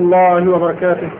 الله وبركاته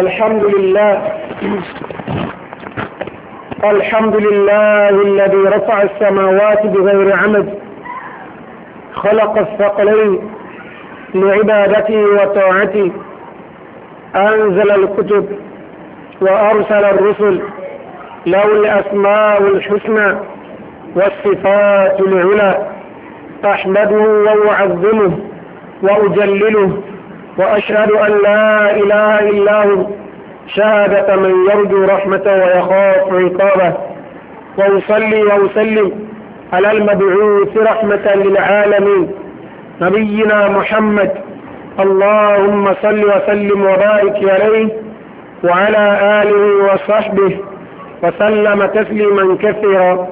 الحمد لله الحمد لله الذي رفع السماوات بغير عمد خلق الثقلين لعبادته وطاعته أنزل الكتب وأرسل الرسل له الأسماء الحسنى والصفات العلى أحمده وأعظمه وأجلله وأشهد أن لا إله إلا هو شهادة من يرجو رحمته ويخاف عقابه وأصلي وأسلم على المبعوث رحمة للعالمين نبينا محمد اللهم صل وسلم وبارك عليه وعلى آله وصحبه وسلم تسليما كثيرا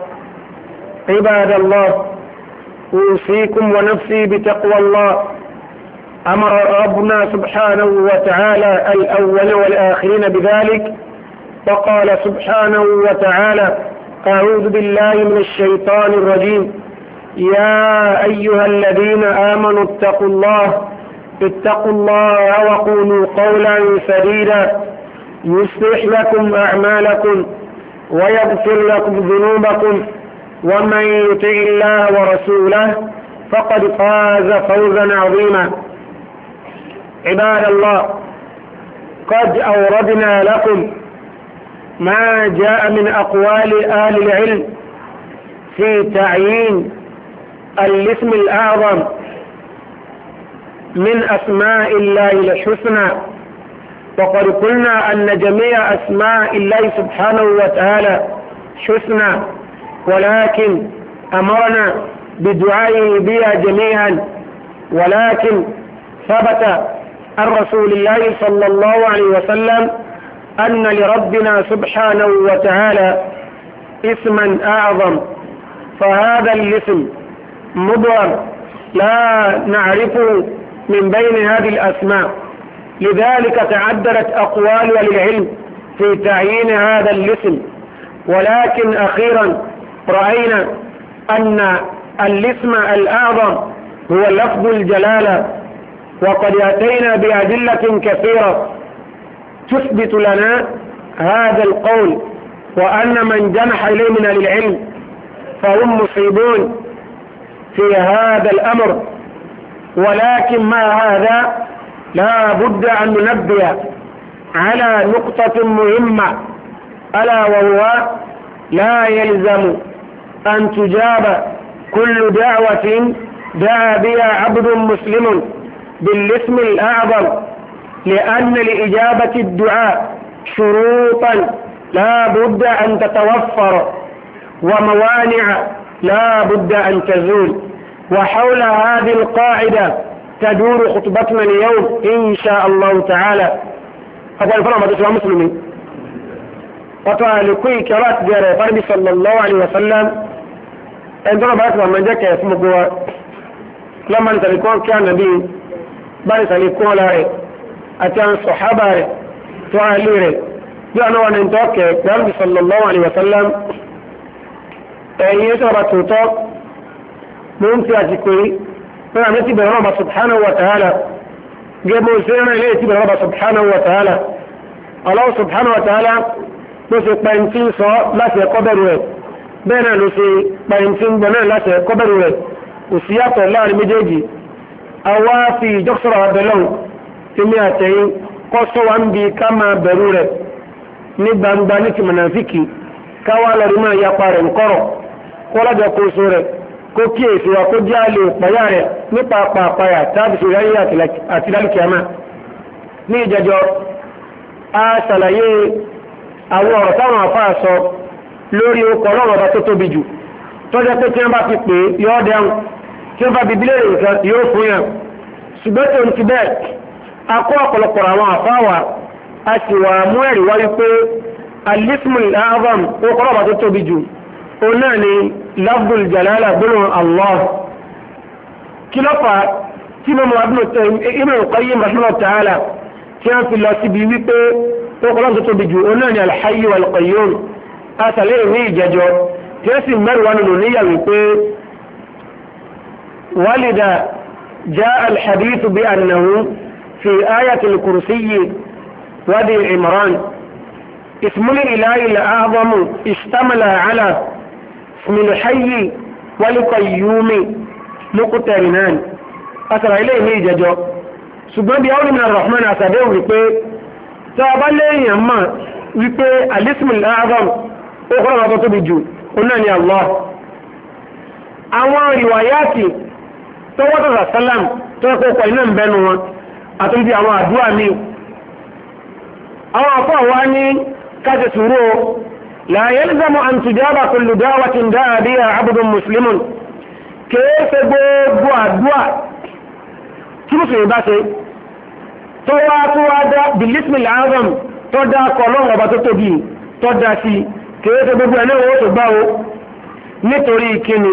عباد الله أوصيكم ونفسي بتقوى الله أمر ربنا سبحانه وتعالى الأول والآخرين بذلك فقال سبحانه وتعالى أعوذ بالله من الشيطان الرجيم يا أيها الذين آمنوا اتقوا الله اتقوا الله وقولوا قولا سديدا يصلح لكم أعمالكم ويغفر لكم ذنوبكم ومن يطع الله ورسوله فقد فاز فوزا عظيما عباد الله قد أوردنا لكم ما جاء من أقوال أهل العلم في تعيين الاسم الأعظم من أسماء الله الحسنى وقد قلنا أن جميع أسماء الله سبحانه وتعالى حسنى ولكن أمرنا بدعائه بها جميعا ولكن ثبت عن رسول الله صلى الله عليه وسلم أن لربنا سبحانه وتعالى اسما أعظم فهذا الاسم مضر لا نعرفه من بين هذه الأسماء لذلك تعددت أقوال للعلم في تعيين هذا الاسم ولكن أخيرا رأينا أن الاسم الأعظم هو لفظ الجلالة وقد أتينا بأدلة كثيرة تثبت لنا هذا القول وأن من جنح إليه من العلم فهم مصيبون في هذا الأمر ولكن مع هذا لا بد أن ننبه على نقطة مهمة ألا وهو لا يلزم أن تجاب كل دعوة دعا بها عبد مسلم بالاسم الأعظم لأن لإجابة الدعاء شروطا لا بد أن تتوفر وموانع لا بد أن تزول وحول هذه القاعدة تدور خطبتنا اليوم إن شاء الله تعالى أقول فرما بسرعة مسلمين وطالقوا كرات جارة فرمي صلى الله عليه وسلم أنتم بأكبر من جاك يسمى لما انت لكون كان نبي báyìí sàlẹ̀ kún ọ̀la rẹ̀ àti àwọn sọ̀hábà rẹ̀ tó àlè rẹ̀ bí àwọn wà ní ìtọ́kẹ̀ pẹ̀lú sallallahu alaihi wasallam ẹ̀yìn sọ̀rọ̀ tòótọ́ ló ń fi àsìkò yìí pé àmì ti bẹ̀rẹ̀ ọba subhanahu wa ta'ala gẹ́gbẹ́ òṣè rẹ̀ ilé ti bẹ̀rẹ̀ ọba subhanahu wa ta'ala Allah subhanahu wa ta'ala ló ṣe pẹ̀ntì sọ láti ẹ̀kọ́ bẹ̀rù rẹ̀ bẹ́ẹ̀ náà ló ṣe pẹ̀ntì gbọ̀n náà láti ẹ̀kọ́ bẹ̀rù rẹ̀ òṣìyàtọ̀ láàrin méjèèjì àwa fi ìjọ́sọ̀rọ̀ àbẹ̀lọ́hùn èmi àtẹ̀yìn kọ́sọ́ wa ń bi ká máa bẹ̀rù rẹ̀ ní gbangba ní ti mọ̀nàfíkì káwá lọ́rí máa yapa rẹ̀ ń kọ́rọ̀ kó lọ́jọ́ kó so rẹ̀ kó kíyèsí wa kó jẹ́ àlè ìpáyà rẹ̀ nípa pàpàyà tábì sí ráyé àti ní a ṣàlàyé àwọn ọ̀rọ̀ táwọn àfáà sọ lórí okọ̀ ọlọ́run ọba tó tóbi jù tọ́jọ́ pé tí wọ́n bá fi pè é yọ́ ọ́ tí ó bá bìbílẹ̀ rẹ̀ nǹkan yóò fún yàn ṣùgbọ́n tó ń ti bẹ́ẹ̀ a kó ọ̀pọ̀lọpọ̀ àwọn àfáwà a sì wà mú ẹ̀rí wáyé pé alismul azam ó kọ́ ọ̀bà tó tóbi jù ó náà ni lafdul jalala gbólóhùn allah kí ló fà tí mo máa ولد جاء الحديث بأنه في آية الكرسي ودي عمران اسم الإله الأعظم اشتمل على اسم الحي والقيوم مقترنان أسرع إليه ní ìjẹjọ́ ṣùgbọ́n bí ọ́nà rahman àsàdẹ́ wípé tí a bá lẹ́yìn àmà wípé alismul azam ó kọ́nà wọ́n tó tóbi jù ó náà ni Allah àwọn ìwàyáàtì tó wọ́tọ̀ sàlám tó kó kọ iná ìbẹ́nu wọn àtúndì àwọn àdúrà mi àwọn àpá wa ní káṣẹ sùúrù o la yalzamu an tujaba kullu da'watin da'a biha 'abdun muslimun kèé ṣe gbogbo àdúrà tí mùsùlùmí bá ṣe tó wá tó wá dá bilismi làázọm tó dá nítorí kíni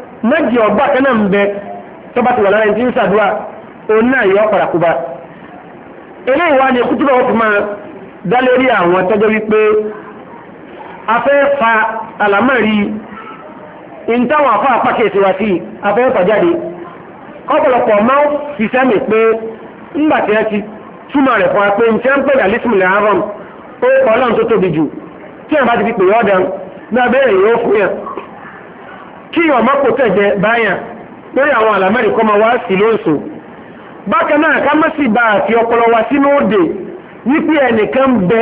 na ọgbà kan náà ń bẹ tó bá ti wà lára ẹni tí ń ṣàdúrà òun náà yọ ọ̀pàràkùbà eléyìí wá ní kútúbà wọ́n máa dá lórí àwọn tọ́jọ́ wípé afẹ́ fa àlámọ̀rí in afọ́ àpákèsí wa sí afẹ́ fàjáde ọ̀pọ̀lọpọ̀ máa fi sẹ́mi pé ńgbàtí ẹ ti túmọ̀ rẹ̀ fún wa pé ń pè ní lè ó kọ́ ọlọ́run tó tóbi jù tí bá ti fi pè ní yóò fún kí ọmọ jẹ tẹ̀jẹ̀ báyà lórí àwọn àlàmẹ́rì kọ́ máa wá sí lóòsù bákan náà ká má sì bá àti ọpọlọ wa sínú òde wípé ẹnìkan ń bẹ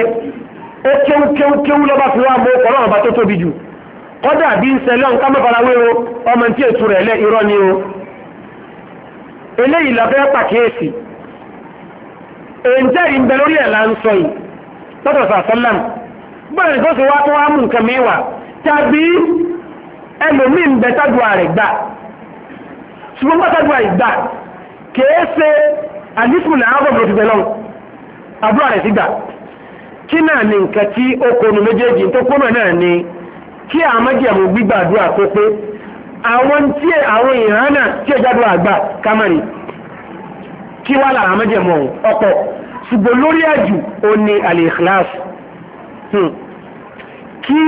ó kéwú kéwú kéwú lọ́ba fi wá mọ́ ọkọ̀ lọ́wọ́ bá tó tóbi jù kọ́dà bí ń sẹlẹ̀ nǹkan mọ́farawé o ọmọ tí ètò rẹ̀ lẹ́ irọ́ ni o eléyìí lábẹ́ pàkíyèsí èǹtẹ́ ìbẹ̀ lórí ẹ̀ ń sọ yìí lọ́dọ̀ sàṣọ́lám bọ́ọ̀lù tó sì wá tó wá mú nǹkan tàbí ẹlòmí ń bẹ tàdùà rẹ̀ gbà ṣùgbọ́n bá tàdùà rẹ̀ gbà kìí ṣe àdífù náà ọgọ́gọ́ ti bẹ̀lọ́n àdúrà rẹ̀ ti gbà kí náà ní nǹkan tí ó kọnu méjèèjì tó kọ́nà náà ni kí àmọ́jẹ̀mú gbígbà àdúrà tó pé àwọn tí àwọn ìhàn náà tí ìjádùn àgbà kámẹ́rì kí wá lára àmọ́jẹ̀mú ọ̀pọ̀ ṣùgbọ́n lórí àjù ó ní al-ikhlas hmm. kí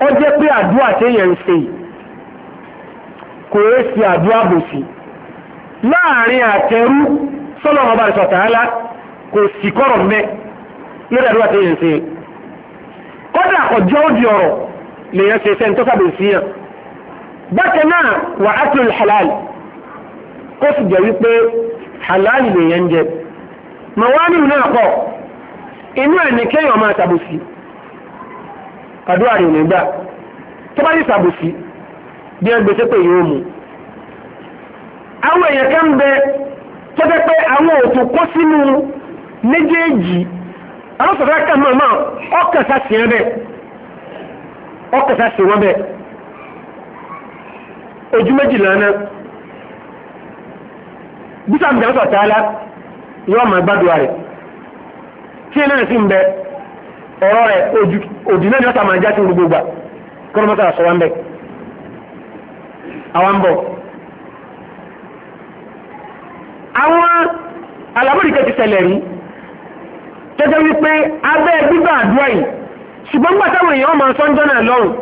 ó jẹ́ pé àdúrà téèyàn ń ṣe kò é sí àdúrà bòsí láàrin àtẹrú sọ́lọ́ ọba ìsọ̀tàálá kò sì kọ́rọ̀ mẹ́ lórí àdúrà téèyàn ń ṣe kódà ọjọ́ òdì ọ̀rọ̀ lèèyàn ṣe ṣe ń tọ́sà bòsí yàn bákan náà wà á tún halal kó sì jẹ́ wípé halal lèèyàn jẹ mọ̀ wá nínú náà pọ̀ inú ẹ̀ ní kéèyàn máa ṣàbòsí àdúrà rẹ̀ nígbà tó bá yìí sàbòsí bí ẹ gbèsè pé yóò mú àwọn èèyàn ń bẹ tó fẹ́ pé àwọn òtò kó sínú méjèèjì àwọn sọ̀rọ̀ kan mọ̀ mọ́ ọkẹ̀sà sí ẹ bẹ ọkẹ̀sà sí wọn bẹ ojú méjìlá náà yóò rẹ̀ tí ẹ náà bẹ ọ̀rọ̀ rẹ̀ òdì náà ni wọ́n ta máa já sí orúgbó gbà kọ́nà mọ́tà sọ wọn bẹ́ẹ̀ àwọn bọ̀. àwọn alábòdìkẹ́ ti ṣẹlẹ̀ rí tẹ́tẹ́ wípé abẹ́ gbígbà àdúrà yìí ṣùgbọ́n gbà táwọn èèyàn máa sọ ń jọ́nà lọ́rùn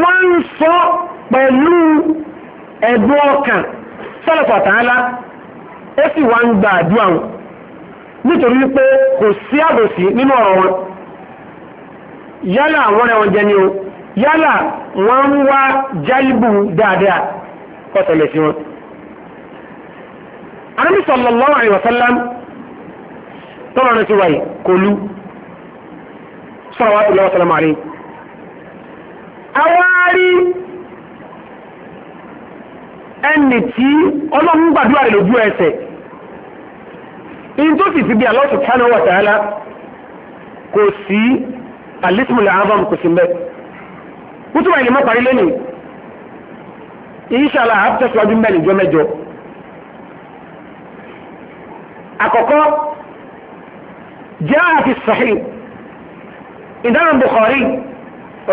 wọ́n ń sọ pẹ̀lú ẹ̀dùn ọkàn sọ́lọ̀pọ̀ tààlà ó sì wá ń gba àdúrà wọn nítorí wípé kò sí àbòsí nínú ọ̀rọ̀ wọn yálà àwọn ẹ̀wọ̀n jẹ ni o yálà wọ́n ń wá jálíbù dáadáa ọ̀tẹ̀lẹ̀ sí wọn anábì sallallahu alaihi wasallam tọ́lọ̀ rẹ̀ ti wáyé kò lú sọ́rọ̀ wá sọ́lọ́mà rí awárí ẹni tí ọlọ́mú gbàdúrà rẹ̀ ẹsẹ̀ in tó sì fi bí Allah subhanahu wa ta'ala kò sí alismul azam kò sí mbẹ́ kútùbà ìlú mọ́parí lónìí inshallah àtẹ̀síwájú mbẹ́ níjọ́ mẹ́jọ àkọ́kọ́ jaa fi sahih ìdáhùn Bukhari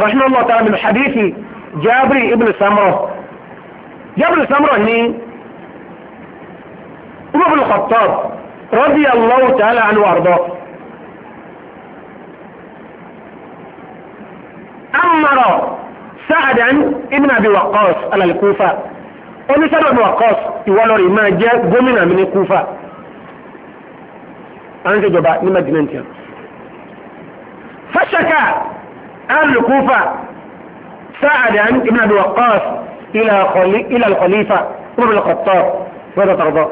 rahimahullah ta'ala min hadithi jabri ibn samro jabri samro ni umar khattab رضي الله تعالى عنه وارضاه أمر عن ابن أبي وقاص على الكوفة أني سعد بن وقاص يوالوري إيوة ما جاء قمنا من الكوفة أنت جبا لما جننت فشكى أهل الكوفة عن ابن أبي وقاص إلى إلى الخليفة عمر بن الخطاب ماذا ترضاه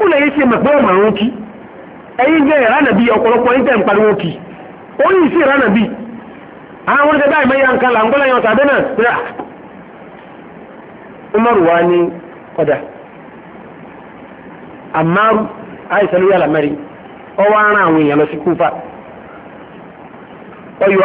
ó lè ṣe mọ̀ pé ọmọ àwọn kí ẹ̀yin jẹ́ ìrànàbí ọ̀pọ̀lọpọ̀ yín tẹ̀ ń pariwo kí ó yìí sí ìrànàbí àwọn oníṣẹ́ báyìí nke ń kan là tàbí náà rà Umaru wa ní àìsàn àwọn èèyàn lọ sí Kúfà ọyọ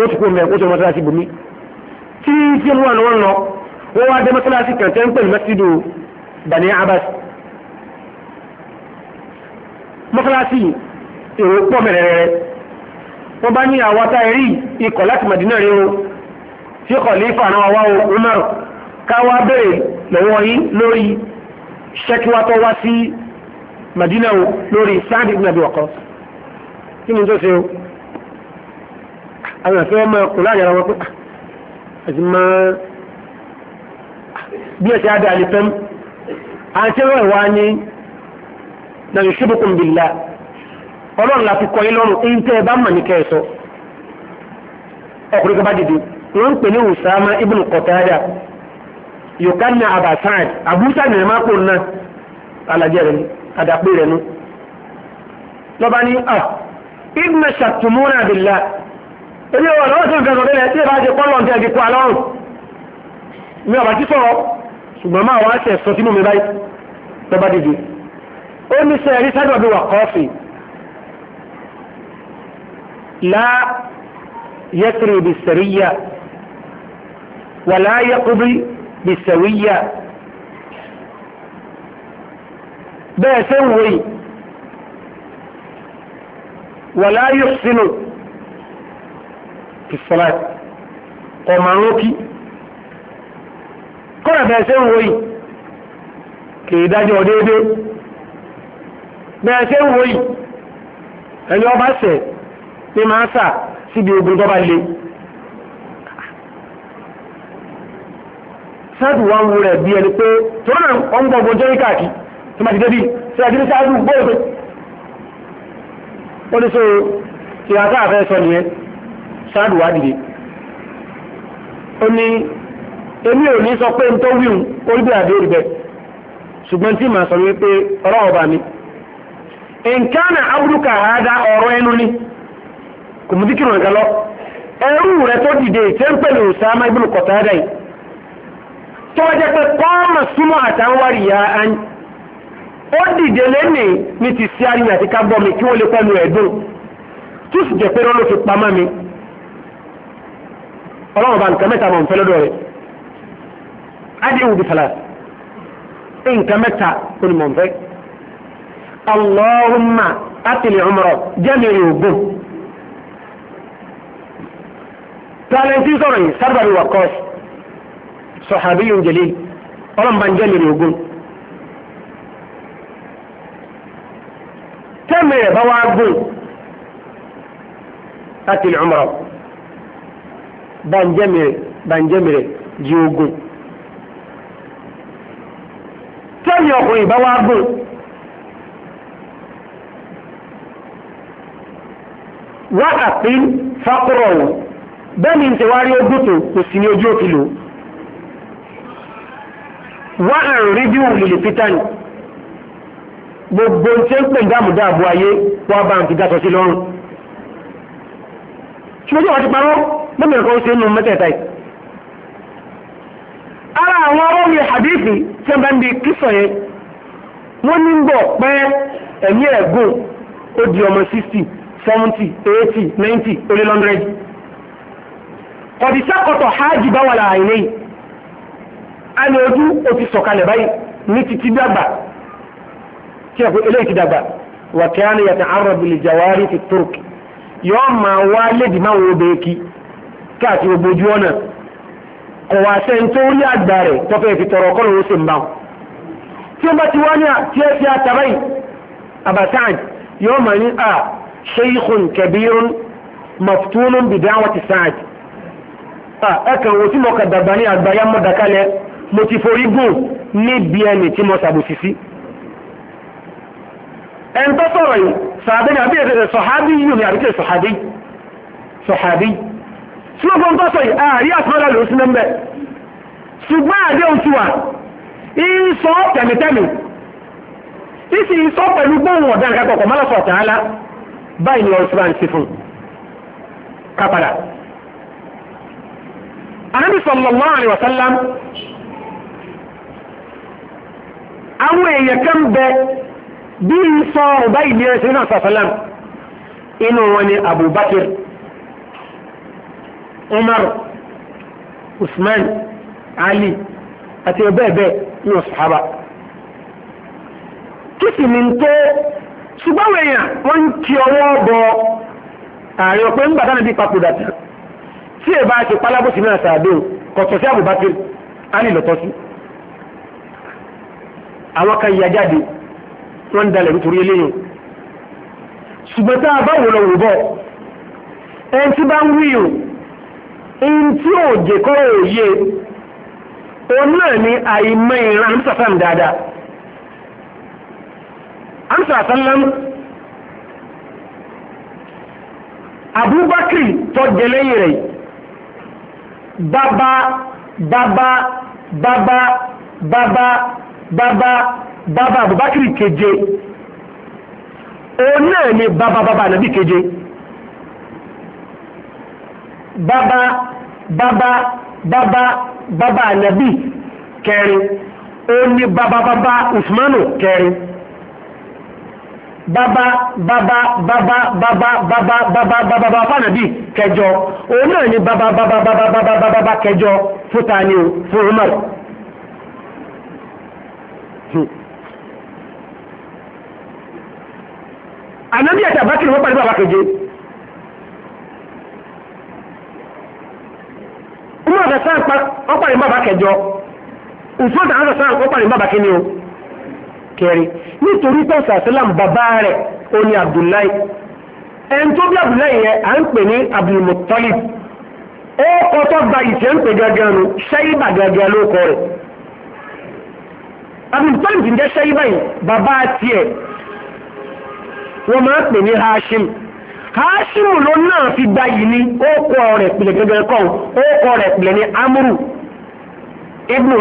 ó ti kó mẹ́ ó ti ọmọ mọ́sálásí bomi tí tí ó wà lọ́wọ́ lọ wọ́n wá dé mọ́sálásí kan tẹ́ ń pè ní mẹ́sídò Bani Abbas mọ́sálásí èrò pọ̀ mẹ́rẹ̀ẹ́rẹ́ wọ́n bá ní àwọn táyẹ̀rí ikọ̀ láti Madina rẹ o tí kọ̀lífà náà wá o Umar káwá bèrè lọ́wọ́ yín lórí ṣẹ́kíwátọ́ wá sí Madina o lórí sáàdì ìgbìyànjú ọ̀kan kí ni tó ṣe o àwọn ẹ̀fẹ́ máa a láàrin wọn pé ah, àti máa bí ẹ̀sẹ̀ adá ní àti ẹ̀rọ ìwà ni na yóò ṣubú kùn bìlá ọlọ́run láti kọ́ yín lọ́rùn èyí tẹ́ bá mọ̀ ní kẹ́ẹ̀sọ ọkùnrin kan bá dìde wọ́n ń pè ní àbúṣà náà rẹ àdàpé rẹ lọ́ba ní ah bìlá èmi ò lọ́wọ́ sí nǹkan sọ̀tẹ́lẹ̀ tí ìbá ṣe pọ́lọ̀ tí a ti kú alọ́rùn mi ọ̀bà tí sọ̀rọ̀ ṣùgbọ́n máa wá ṣẹ̀ sọ sínú mi báyìí lọ́ba dìde ó ní sẹ́ rí sádọ̀ bí wà kọ́ọ̀fì lá bí sẹ̀ríyà wà lá bí sẹ̀ríyà bẹ́ẹ̀ sẹ́ ń sínú fi sọ́lá ọmọ rókí kọ́nà bẹ̀rẹ̀ ṣe ń wo yìí kìí dájọ́ déédé bẹ̀rẹ̀ ṣe ń wo yìí ẹni ọba sẹ̀ ní máa sà síbi ogun tó bá le sáàdù wa ń wo rẹ̀ bí ẹni pé tó náà ń gbọ́gbọ́n jẹ́ káàkiri tó máa sáàdù wá dìde ó ní èmi ò ní sọ pé n tó wíhun orí bí àdé rìbẹ ṣùgbọ́n tí màá sọ wípé ọ̀rọ̀ ọba mi nkánà awúrúkà àádá ọ̀rọ̀ ẹnu ni kò mú díkìrò nǹkan lọ ẹrú rẹ tó dìde ìtẹ́ ń pẹ̀lú Usama ibn Qatada yìí tó jẹ́ pé kọ́ọ̀mà súnmọ́ àtàwárí ya án ó dìde lẹ́nì ní ti sí àríyàn àti kábọ̀ mi kí wọ́n lè pẹ̀lú ẹ̀dùn tó sì jẹ́ pé lọ́lọ́ fi pamọ́ mi ọlọ́run bá nǹkan mẹ́ta mọ̀ nfẹ́ lọ́dọ̀ rẹ̀ adéhùn bí fàlà nǹkan mẹ́ta kò ní mọ̀ nfẹ́ allahumma atìlẹ̀ ọmọrọ̀ jẹ́mìrì ògùn tàlẹ́ntì sọ̀rọ̀ yìí sábàbí wà kọ́ọ̀sì sọ̀hábí yóò jẹ́lé ọlọ́run bá ń jẹ́mìrì ògùn tẹ́mìrì bá wá gùn atìlẹ̀ ọmọrọ̀ banjẹ́mìrẹ̀ banjẹ́mìrẹ̀ di ogun tẹ́yìn ọkùnrin bá wá gùn wá àpín fákúrọ̀ ọ̀hún bẹ́ẹ̀ni ń tẹwárí ogún tó kò sí ní ojú òkìlò wá àrùn rí bí òlìlì pítánì gbogbo tí ń pè dáàmùdáàbò ayé wọ́n bá ń fi dátọ̀ sí lọ́rùn ṣùgbọ́n tí wọ́n ti parọ́ lómi ẹ̀kọ́ ṣe nù mẹ́tẹ̀ẹ̀ta yìí. ara àwọn ọmọ yẹn tí wọ́n bá kíṣọ̀ yẹn wọ́n ní ń bọ̀ ẹ̀mí ẹ̀gùn ó di ọmọ sixty seventy eighty ninety olè hundred. kọ̀dísà kọ̀tọ̀ hajj bá wà láàyè lẹ́yìn a ní ojú ó ti sọ̀kalẹ̀ báyìí ní títí dàgbà ẹ̀kọ́ eléyìí ti dàgbà wà kí á ní àrọ̀bìlì turk yọ́ọ̀ máa wá lédìí máa wo bẹ́ẹ̀ kí. káàkiri gbojú ọ̀nà kọ̀ wá sẹ́ni tó rí àgbà rẹ̀ tọ́fẹ́ fi tọrọ ọkọ́ lòó sì ń bá wọn tí ó bá ti wá ní àti ẹ̀fí àtàbáyì àbàtàn yóò mọ̀ ní à ṣeéhùn kẹbírún mọ̀túnún bìdáwọ̀ ti sáàd ẹ̀kàn wo tí mo kà dàgbà tí ó gbọ́n tọ́sọ̀ yìí ààrí àtúnrà ló sí lẹ́m̀bẹ̀ ṣùgbọ́n àdé oṣù wà ìsọ tẹ̀mítẹ́mì ìsì ìsọ pẹ̀lú gbóhùn ọ̀dá nǹkan kọ̀ọ̀kan mọ́lọ́sọ̀ tààlà báyìí ni ọ̀sùn àǹtí fún kápàdà anábì sallallahu alaihi wasallam àwọn èèyàn kan bẹ bí Abubakar Umar Usman Ali àti bẹ́ẹ̀ ní ọ̀sàbà kí sì ní tó ṣùgbọ́n èèyàn wọ́n ń kí ọwọ́ bọ ààrẹ ọ̀pẹ́ ń gbàdánà bí papòdà tán tí èbá ti pálábòsí náà kọ̀tọ̀ sí Ali lọ́tọ́ sí àwọn kan yà jáde wọ́n dalẹ̀ nítorí eléyìn ṣùgbọ́n tá a bá ẹni ntí jẹ kọ́ òye òun náà ni àìmọ̀ ìran amsafam dáadáa amsafam abubakar tọ́jẹlẹ́yìn rẹ̀ baba baba baba baba baba baba abubakar keje òun náà ni baba baba nàbí keje. bàbá bàbá bàbá bàbá ànábì kẹrin ó ní bàbá bàbá usmanu kẹrin bàbá bàbá bàbá bàbá bàbá bàbá bàbá bàbá ànábì kẹjọ òun náà ní bàbá bàbá bàbá bàbá bàbá kẹjọ fúta ni o fún Umar ànábì àti àbákìrì wọ́n pàdé bàbá keje. inú ọ̀dà sáà pa ọ̀pá kẹjọ òfin ọ̀dà ọ̀dà sáà ọ̀pá o kẹrin nítorí bàbá rẹ̀ ó ní Abdullahi bí Abdullahi à ń pè ní ó kọ́tọ́ gba ń pè nu ṣẹ́yìnbà ló rẹ̀ ti ń jẹ́ ṣẹ́yìnbà yìí bàbá tiẹ̀ wọ́n káṣímù ló náà fi gba yìí ní ókọ rẹ̀ pìlẹ̀ gẹ́gẹ́ kọ́ ókọ rẹ̀ pìlẹ̀ ní amúrù ibnu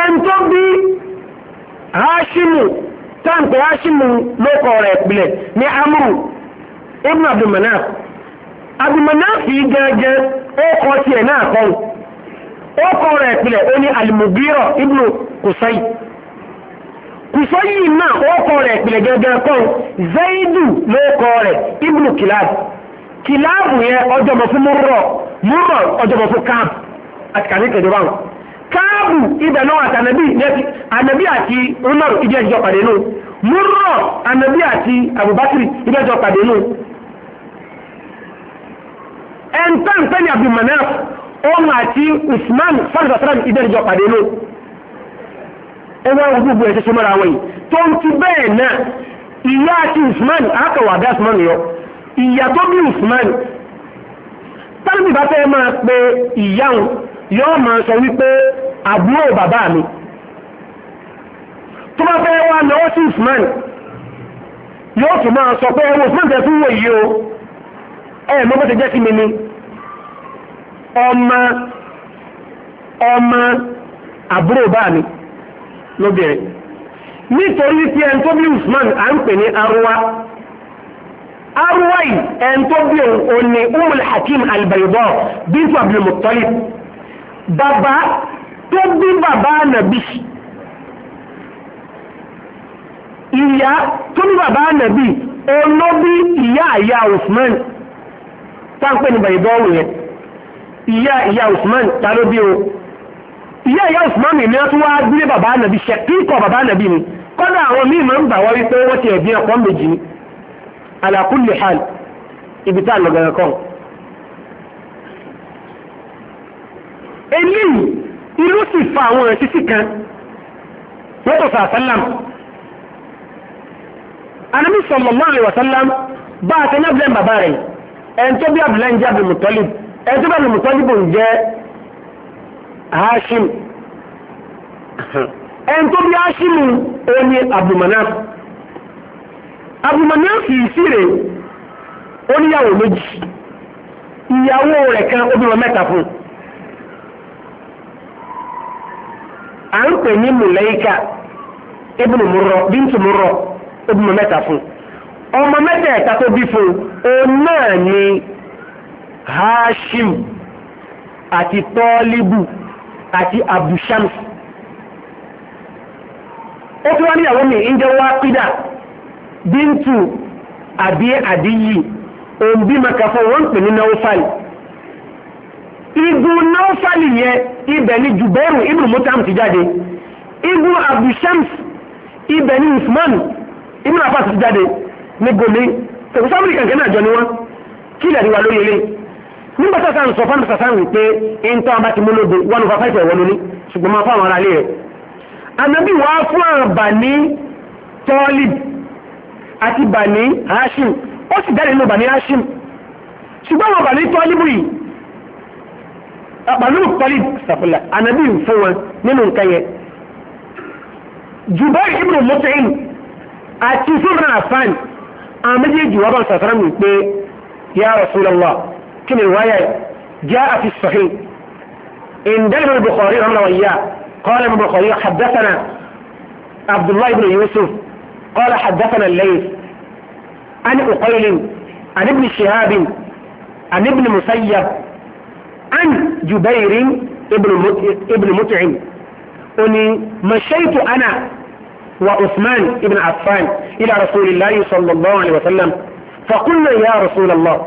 ẹn tó bí rẹ̀ pìlẹ̀ ní amúrù ibnu fi gẹ́gẹ́ ókọ tiẹ̀ náà kọ́ ókọ rẹ̀ pìlẹ̀ ó ní ibnu kùsọ́yì náà ó kọ rẹ̀ ìpìlẹ̀ gẹ́gẹ́ kan zaidu ló kọ rẹ̀ ibnu kìláàbù kìláàbù yẹn ọjọ́mọ̀ fún múrọ̀ múrọ̀ ọjọ́mọ̀ fún káàbù àti kàní kẹjọba wọn káàbù ibẹ̀ náà àti ànàbí nẹ́ẹ̀tì ànàbí àti umaru ibi ẹ̀jọ́ pàdé nù múrọ̀ ànàbí àti abubakar ibi ẹ̀jọ́ pàdé nù ẹ̀ńtẹ́ǹtẹ́ ni abdulmanaf ọmọ àti usman fọ́nìfàsọ́rọ̀ ibi ẹ̀jọ́ pàdé nù ẹwà gbogbo ẹ̀ ṣẹṣẹ mọ́ra wọ̀nyí tó ń ti bẹ́ẹ̀ náà ìyá àti Usman akọ̀wà bí Usman yọ ìyá tó bí Usman tálíbì bá fẹ́ máa pe ìyá òun yóò máa sọ wípé àbúrò bàbá mi tó bá fẹ́ wá lọ́wọ́ sí Usman yóò tún máa sọ pé ẹwọ Usman tẹ̀ fún wòye o ẹ̀ mọ́ ti jẹ́ sí mi ni ọmọ ọmọ àbúrò bá mi lóbìnrin nítorí tí ẹni tó bí Usman à ń pè ní arúwá arúwá yìí ẹni tó bí òun ní Umul Hakim Al-Bayda bíntu Abdul Muttalib bàbá tó bí bàbá nàbí ìyá tó ní bàbá nàbí olóbí ìyá ìyá Usman táǹpẹ́ ní bàyìbọ́ọ̀wù yẹn ìyá ìyá Usman ta ló bí o ìyá ìyá Usman ni wọ́n tún wá gbé bàbá ànàbí ṣẹ̀kíkọ̀ bàbá ànàbí ni kọ́dà àwọn míì máa ń bà wá wípé wọ́n ti ẹ̀bí ẹ̀kọ́ méjì ni ala hal ibi tá a lọ gẹ̀rẹ̀ kan. eléyìí irú sì fa àwọn kan wọ́n tó fà sálàm anabi sallallahu alaihi wasallam bá a ti ní abúlé bàbá rẹ̀ ẹ̀ ń tó bí abúlé ń jẹ́ hashim ẹn tó bí hashimu ó ní abdulmanaf abdulmanaf yìí sí rè ó níyàwó méjì ìyàwó rẹ̀ kan obìnrin mẹ́ta fún à ń pè ní mùlẹ́yíkà ibùdó mùrọ̀ bíntù mùrọ̀ obìnrin mẹ́ta fún ọmọ mẹ́tẹ̀ẹ̀ta tó bí fún òun náà ni hashim àti tọ́líbù àti abdushams ó tí wá níyàwó mi ń jẹ́ wákídà bíntù àbí àdíyì òun bí makafọ́ wọ́n pè ní náufal igun náufal yẹn ibẹ̀ ni jùbẹ́rù ibn mutam ti jáde igun abdushams ibẹ̀ ni usman ibn abbas ti jáde ní gòlé tẹ̀kùsáwìrì kankan náà jọ ni wọ́n kí ilẹ̀ àdíwá nígbà tó sàn sọ fáwọn sàn wípé ìntàn bá ti múlòdì wọn fà fáìfẹ̀ wọn ní ṣùgbọ́n máa fáwọn ará ilé rẹ̀ anabi wàá fún àbà ní tọ́lìb àti bàní hashim ó sì dáre nínú bàní hashim ṣùgbọ́n wọn bàní tọ́lìbù yìí àpàlú tọ́lìb sàfùlà anabi fún wọn nínú nǹkan yẹn Jubair ibn Mut'im àti Usman Affan àwọn méjèèjì wà bá sàfàrà mi pé ya Rasulullah كم رواية جاء في الصحيح إن دل البخاري رمنا وإياه قال ابن البخاري حدثنا عبد الله بن يوسف قال حدثنا الليث عن أقيل عن ابن شهاب عن ابن مسيب عن جبير ابن ابن متعم أني مشيت أنا وعثمان ابن عفان إلى رسول الله صلى الله عليه وسلم فقلنا يا رسول الله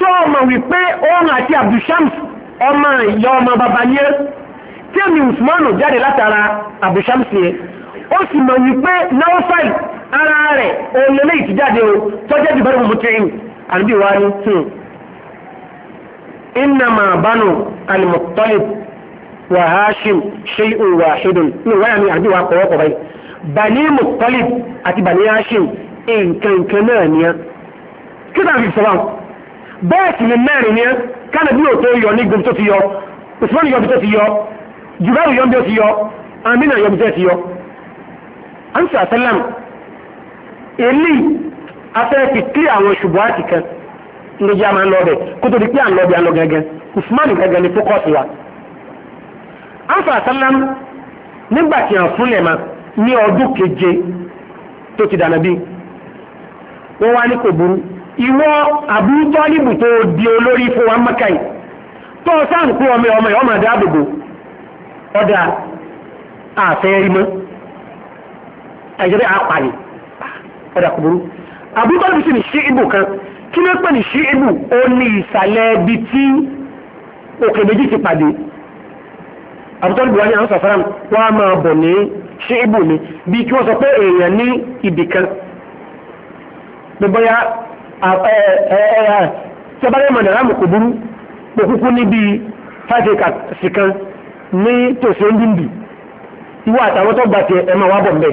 sọ ọmọ wípé òun àti abdulshams ọmọ ìyá ọmọ bàbá ni ẹ tẹ́mi usmanu jáde látara abdulshams yẹn ó sì mọ̀ wípé náwọ́fàì ara rẹ̀ òun lè léyìí ti jáde o tọ́jẹ́ ti bẹ́rẹ̀ mọ̀mọ́tì ẹ̀yìn àbí wàá ní tún innama banu al-muttalib wa hashim shay'un wahidun ní wáyà ní àbí wàá kọ̀wọ́ kọ̀wọ́ bani muttalib àti bani hashim nǹkan nǹkan náà ni ẹ kí bẹ́ẹ̀ sì ni mẹ́rin ni ẹ́ kánàbí ò tó yọ ní gbogbo tó ti yọ usman yọ bí tó ti yọ jùbẹ́rù yọ bí tó ti yọ amina yọ bí tó ti yọ ansa asalam èlì afẹ́ẹ̀kì kí àwọn ṣùgbọ́n àti kan ló jẹ́ àmà lọ́bẹ̀ kó tó di pé àlọ́bẹ̀ àlọ́ gẹ́gẹ́ usman gẹ́gẹ́ ni fókọ́sì wa ansa asalam nígbà tí a fúnlẹ̀ ma ní ọdún keje tó ti dànàbí wọ́n wá ní kò burú ìwọ àbújọ́lìbù tó di olórí fún wa mọ́kàí tó sáàkú ọmọ ọmọ ọmọ dáàbòbò ọdá àfẹ́rímọ́ àìjẹ́rẹ́ àpàlì ọdá kòbúrú àbújọ́lìbù sí ní ṣí ibù kan kí ló ní ṣí ibù ó ní ìsàlẹ̀ ibi tí òkè méjì ti pàdé àbújọ́lìbù wa ní àwọn wọ́n máa bọ̀ ní ṣí ni bí kí wọ́n sọ pé èèyàn ní ibì kan gbogbo ya ẹ̀ẹ́ra tẹ́bárẹ́ mọ̀ nàrámù kò burú pé kúkú níbi fáṣe kàṣìkan ní tòṣe ń dìndì ìwọ àtàwọn tó gbà tiẹ̀ ẹ̀ máa wá bọ̀ mbẹ́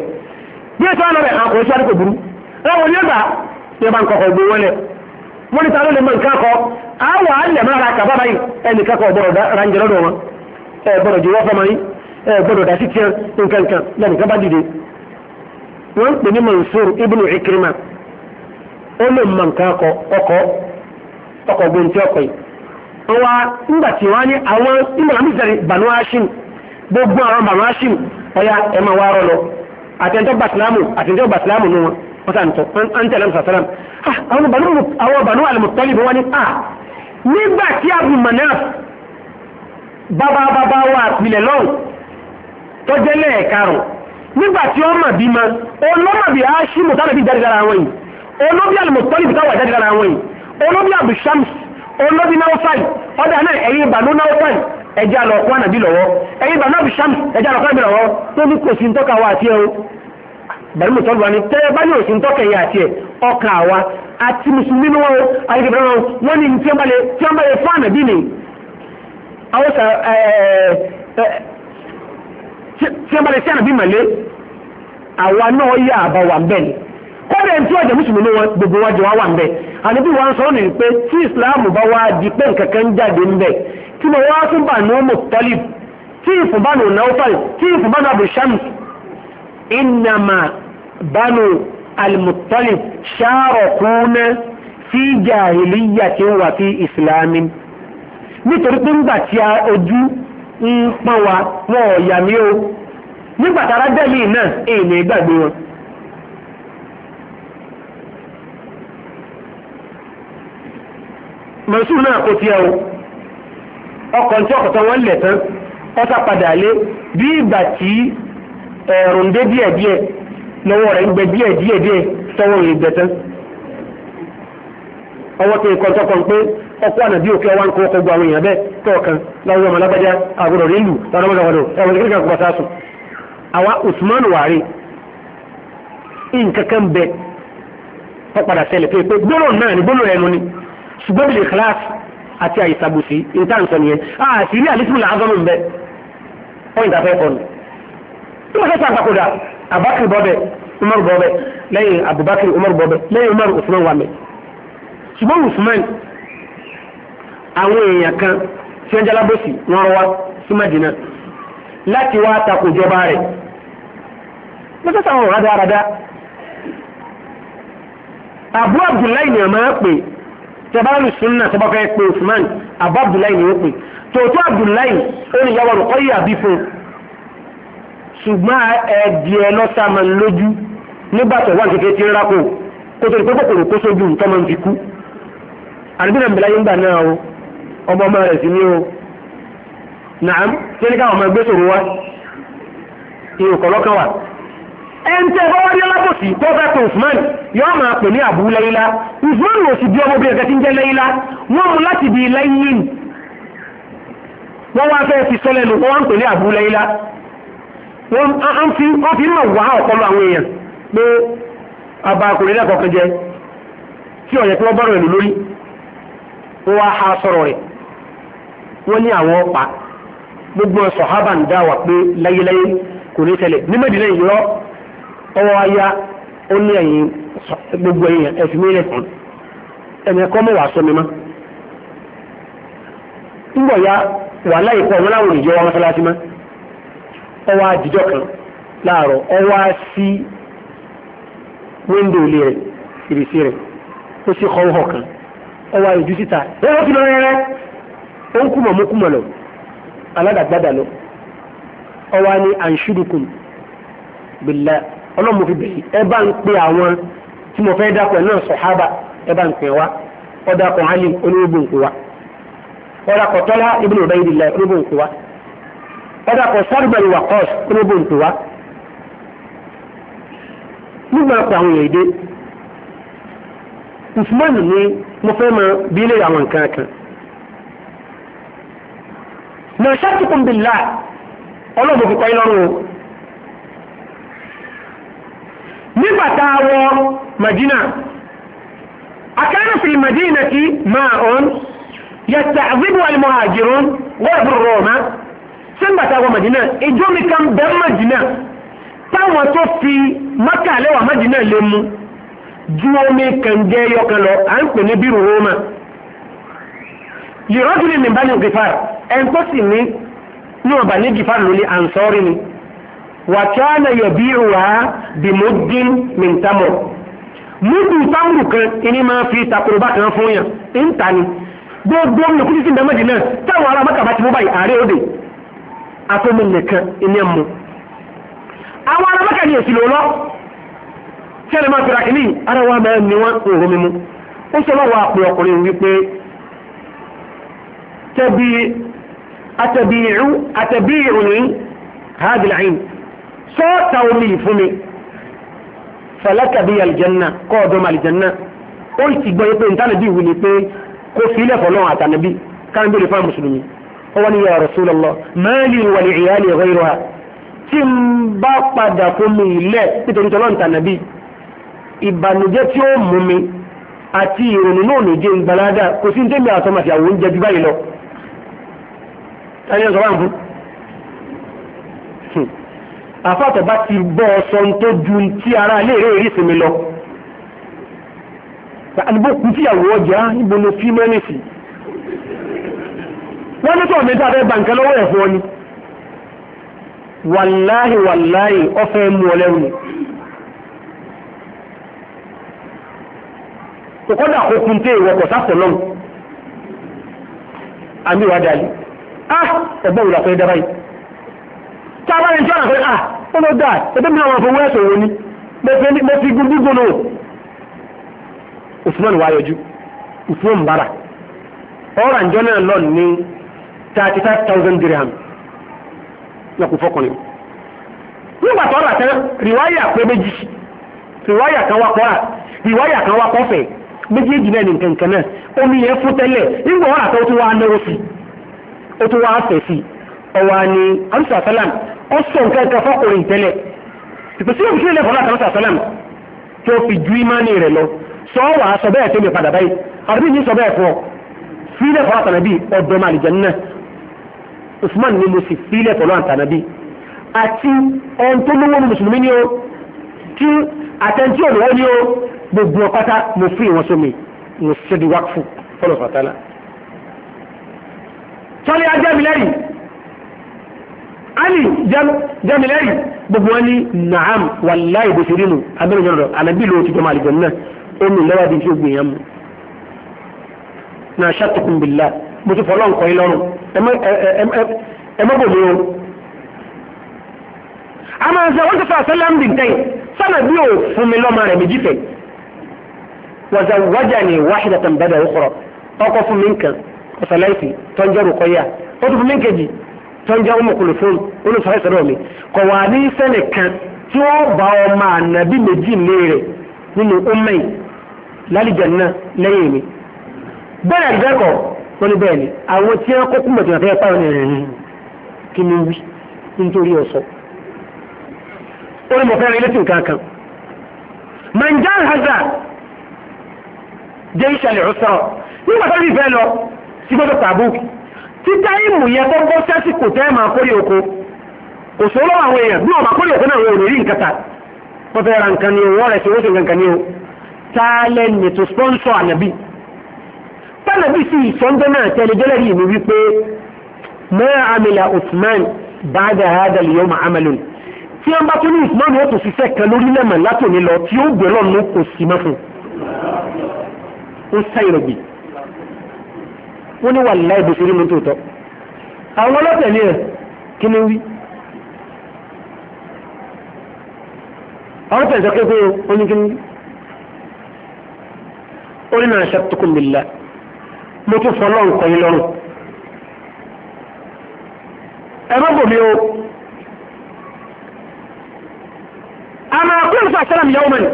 bí ẹ sọ́nà rẹ̀ àwọn oṣù àdúgbò burú ẹ̀wọ̀n ní ẹgbà ní ẹ bá ń kọ̀kọ̀ gbé wọlé wọ́n ní sáré lè mọ nǹkan kọ́ àwọn àlẹ̀ mọ́ra kàbá báyìí ẹnì kẹ́kọ̀ọ́ bọ̀rọ̀ ránjẹ́ ibn Ikrima ọmọ mma nke akọ ọkọ ọkọ ọkọ ọwa ńgbà anyị wọn ime ní àwọn ashim gbogbo àwọn bànú ashim ọya ẹ̀ máa wá rọ lọ àtẹ̀ntọ́ gbàsílámù àtẹ̀ntọ́ gbàsílámù nù wọn ọ̀tàntọ̀ ọ̀ntẹ̀lẹ̀ mùsàsálàm àwọn bụ ah, wani a ah, nígbà tí Abu Manaf bàbá bàbá wa àpilẹ̀ olóbi alimọ̀tọ́lìbì táwọn àjáde lára wọn yìí olóbi abdulshams olóbi náwọ́fàì ọdẹ àná ẹ̀yìn ìbànú náwọ́fàì ẹjẹ́ àlọ́kọ́ ànàbí lọ́wọ́ ẹ̀yìn ìbànú abdulshams ẹjẹ́ àlọ́kọ́ ànàbí lọ́wọ́ tó kò sí ń wa àti ẹ̀ o bẹ̀rù tẹ́lẹ̀ bá ní òsì àti ọkà wa àti mùsùlùmí ni wọn wọn ni kọ́dẹ̀ tí ọjà mùsùlùmí wọn gbogbo wa jọ wá wà nbẹ àníbí wọn sọ ní pé tí ìsìláàmù bá wá di pé nkankan jáde nbẹ tí mo wá fún tí ìfúnbánu náufal tí ìfúnbánu ìnàmà bánu sí tí ó wà sí ìsìláàmù nítorí pé ńgbà tí a ojú ń pọn wa wọn yà mí Mansur náà kò tiẹ̀ o ọkọ̀ tí ọkọ̀ tán wọ́n lẹ̀ tán ọ̀sà padà lé bí ìgbà tí ẹ̀rùn dé díẹ̀ díẹ̀ lọ́wọ́ rẹ̀ ń gbẹ díẹ̀ díẹ̀ díẹ̀ tọ́wọ́ rẹ̀ gbẹ tán ọwọ́ tó ikọ̀ tọkọ̀ pé ọkọ̀ àná bí òkè ọwọ́ ń kó ọkọ̀ gba àwọn èèyàn bẹ́ẹ̀ tọ̀ọ̀kan láwọn ọmọ alágbájá àgùrọ̀ rẹ̀ lù lọ́dọ̀ mọ́tàwọ́dọ̀ ẹ̀wọ̀n Usman Wari nǹkan kan bẹ ọ padà ni gbólóhùn ṣùgbọ́n bí ìkíláàsì àti àìsàbòsí ìtàǹsọ nìyẹn àti ilé àlísìmù làásọ́nù ń bẹ pọ́ìntì afẹ́ kọ́nù. tí wọ́n fẹ́ sàkàkọ́dà abakiri bọ́bẹ̀ umar bọ́bẹ̀ lẹ́yìn abubakar umar bọ́bẹ̀ lẹ́yìn umar usman wàmẹ̀. ṣùgbọ́n usman àwọn èèyàn kan tí wọ́n jalábòsí wọn rọwá sí madina láti wá takò jọba rẹ̀. wọ́n sọ sáwọn rádaràda. abu abdullahi ni a pè é tẹbáàlù súnà tó bá fẹ́ pé Usman àbá Abdullahi ni ó pè tòótọ́ Abdullahi ó ní ìyàwó ọ̀rọ̀ yà bí fún un ṣùgbọ́n ẹ̀ẹ́dì ẹ lọ́sàmà lójú nígbà tó wà kékeré tí ń rákò kó tó ní pé kòkòrò kó sójú nǹkan máa ń fi kú àdúgbò náà ń bẹ náà o ọmọ ọmọ rẹ̀ sí ní o nàám tí ó ní káwọn ọmọ ẹgbẹ́ sòrò wá ìrùkọ̀ lọ́kàn wà ẹnjẹ bá wáyé lábòsí tó fẹ́ pé usman yóò máa pè ní àbú lẹ́yìnlá usman ò sì bí ọmọbìnrin kan ti ń jẹ́ lẹ́yìnlá wọ́n mú láti bí lẹ́yìn wọ́n wá fẹ́ fi sọ́lẹ̀ lò wọ́n pè ní lẹ́yìnlá wọ́n fi mọ̀ wá ọ̀pọ̀lọ àwọn èèyàn pé àbá ha sọ̀rọ̀ rẹ̀ wọ́n ní àwọn ọ̀pá gbogbo sọ̀hábà ń pé láyéláyé kò ní ọwọ́ ayá ó ní ẹ̀yìn gbogbo èèyàn ẹ̀fìn mílẹ̀ kan ẹ̀mí ẹ̀kọ́ mọ̀ sọ mi ya wà láì wọn láwọn ìjọ wa mọ́sálásí ọwọ́ àjíjọ kan láàárọ̀ ọwọ́ á sí wíńdò ilé rẹ̀ ìrìsí rẹ̀ ó sì kọ́ ọ̀họ̀ kan ọwọ́ ìjú síta ó ń kúmọ̀ mú kúmọ̀ lọ aládàgbádà ọlọ́mọ fi bẹ̀yìn ẹ ń pe àwọn tí mo fẹ́ dákọ̀ náà sọ̀hábà ẹba ń pè wá ọ̀dàkọ̀ Ali olóògùn pè wá ọ̀dàkọ̀ Tọ́lá ibùdó ọ̀dà ìdílé olóògùn wá olóògùn wá. nígbà pé àwọn èèyàn dé Usman ni mo fẹ́ mọ bí ilé àwọn nǹkan na bìlá fi kọ́ nígbàtà wọ madina akẹ́rẹ́ fi madina ti máa on yàtà àbíbù almuhajirun wọ́ọ̀bù rọ̀ọ̀mà sígbàtà wọ madina ìjọ mi kan bẹ́ẹ̀ madina táwọn tó fi maka lẹ́wà madina lè mu ju omi kànjẹ́ yọkan lọ à ń pè ní bírù rọ́ọ̀mà lè rọ́jùlẹ̀ nìbánú gifar ẹn tó sì ní níwọ̀n bà ní gifar lónìí ni. wàkàna yabiruha bi mudin min tamu mudu tamu kan ini ma fi takuruba kan fun yan in ta ni gbogbo mi kuti tin da maji na ta wara maka ba ti mu bai are ode afu mun ne kan mu awara maka ni esi lolo sele ma fi rakini ara wa ma ni wan ko mi mu o so lo wa pe okore wi pe tabi atabi'u atabi'uni hadi al'in sọ́ọ̀tà omi ìfún mi fẹ̀lẹ́kẹ̀bí àlìjẹ́nà kọ́ọ̀dọ́mọ àlìjẹ́nà ó ti gbọ́ pé ntánàbí wù ní pé kó fi ilẹ̀ fọlọ́ àtànàbí káàbí lè fáwọn mùsùlùmí ó wọ́n ní ya Rasulullah mẹ́lì wà ní ìyá lè rẹ́rọ ha tí ń bá padà fún mi ilẹ̀ nítorí tọ́lọ́ ntànàbí ìbànújẹ́ tí ó mú mi àti ìrònú náà ló jẹ́ ìgbàládà kò sí ní tẹ́lẹ̀ àtọ́màtì àwọn oúnjẹ bí báyìí lọ àfàtọ̀ bá ti bọ́ ọsọ tó ju tí ara ilé ìrè rí ìsinmi lọ àdúgbò kú tíyàwó ọjà níbo ló fi mẹ́rìnsì wọ́n ní tọ́ọ̀mí tí a fẹ́ bàǹkẹ́ lọ́wọ́ ẹ̀ fún ọ ni wàláhì wàláhì ọfẹ́ mú ọ lẹ́rù kòkọ́dà okun tẹ́ ìwọ̀pọ̀ sáfọ̀ lọ́wọ́ àmì ìwádàá yìí ah ẹ̀gbọ́n ìlàfẹ́ tábàrin tí wọ́n fẹ́ à ó ló dáa ẹgbẹ́ mi àwọn fowó ẹ̀sọ̀ wo ni mo fi gúgúgún nù Usman wá yọjú Usman bára ọ̀rọ̀ àjọ náà lọ ní thirty dirham lọ́kù fọkùnrin nígbà tó ọ̀rọ̀ àtẹ́rẹ́ rìwáyà pé méjì rìwáyà kan wá kọ́ra rìwáyà kan wá náà nǹkan kan náà omi yẹn fún tẹ́lẹ̀ nígbà ọ̀rọ̀ àtẹ́wọ́ tó wá ó tó wá fẹ̀ sí i. ọwà ni amsa salam ọsọ nǹkan kan fọkùnrin tẹ́lẹ̀ ìpèsè òkú sílẹ̀ fọlá kan amsa salam tó fi ju ìmánì rẹ̀ lọ sọ wà á sọ bẹ́ẹ̀ tó mi padà báyìí àbí ní sọ bẹ́ẹ̀ fọ sílẹ̀ fọlá tànàbí ọ̀dọ̀ màlìjánná Usman ni mo sì sílẹ̀ fọlá tànàbí àti ẹn tó lówó ní mùsùlùmí ni ó tí àtẹ̀ntí ọ̀lọ́wọ́ ni ó gbogbo ọ̀pátá mo fi ìwọ̀n sómi mo ṣe di wákfù fọlọ́fàtálà. sọ́ni ajẹ́mi lẹ́yìn ali jamilẹ́rì gbogbo wọn ní naam wàláì bó ṣe rí nù abẹ́rẹ́ ìjọba ànábì ló ti jọmọ àlìjọ náà omi lọ́wọ́ di tí ó gbìyàn mu náà ṣàtùkùn bìlá mo ti fọlọ́ nǹkan ìlọrun ẹ mọ́ bòmí o. a máa ń sọ wọ́n ti fà sẹ́lẹ̀ ń tẹ́yìn sọ́nà bí ò fún mi lọ́mọ rẹ̀ méjì fẹ́ wàzà wájà ni wáhìdà tàn bẹ́ẹ̀ dà ó kọ̀rọ̀ ọkọ̀ fún mi nǹkan ọ̀sán láìsí tọ́jọ́rù kọ́yà ó ti fún mi nǹkan tó ń jẹ́ ọmọ kòlòfóòn olùsọ̀rọ̀ ìsọ̀rọ̀ mi kọ̀ wà ní sẹ́nì kan tí wọ́n bá ọmọ ànàbí méjì lé rẹ̀ nínú ọmọ yìí lálìjẹ̀nà lẹ́yìn mi bẹ́ẹ̀ àdìbẹ́kọ̀ wọ́n ní bẹ́ẹ̀ ni àwọn tí wọ́n kó mọ̀tò àti ẹ̀pá ọ̀nà rẹ̀ kí ni wí nítorí fẹ́ràn ilé tí nǹkan kan haza jẹ́ ìṣẹ̀lẹ̀ ọ̀sọ́ nígbà tó rí ìfẹ́ lọ sí gbọ́dọ̀ tí táìmù yẹ kọ́kọ́ sẹ́sì kò tẹ́ máa kórè oko kò sọ́rọ̀ àwọn èèyàn bí wọ́n máa kórè oko náà wọ́n ò rí nǹkan ta wọ́n fẹ́ ra nǹkan ni wọ́n rẹ̀ sí owó sí nǹkan ni o tààlẹ̀ nètò sponsor ànàbí tànàbí sí ìsọ́ndọ́ náà tẹ́lẹ̀ jẹ́lẹ̀ yìí ni wípé mọ́ àmìlà Usman ba'da hadha al-yawm amalun tí wọ́n bá tún ní Usman yóò tó ṣiṣẹ́ kan lórí lẹ́mọ̀ látòní lọ tí ó gbẹ̀rọ̀ ló kò sí mọ́ fún un ó sáyẹ̀rọ̀ gbìyànjú wọ́n ní wàlláhì ìbò ṣeré mú tòótọ́ àwọn ọlọ́tẹ̀lẹ̀ ẹ̀ kí ni wí àwọn tẹ̀sán kékeré oníkíní orí náà ṣàtúkùn bìlá mo tún fọ́ lọ́rùn kọ́yìn lọ́rùn ẹ má o àmà àkúrò fún àṣẹ àmì yàwó mẹ́rin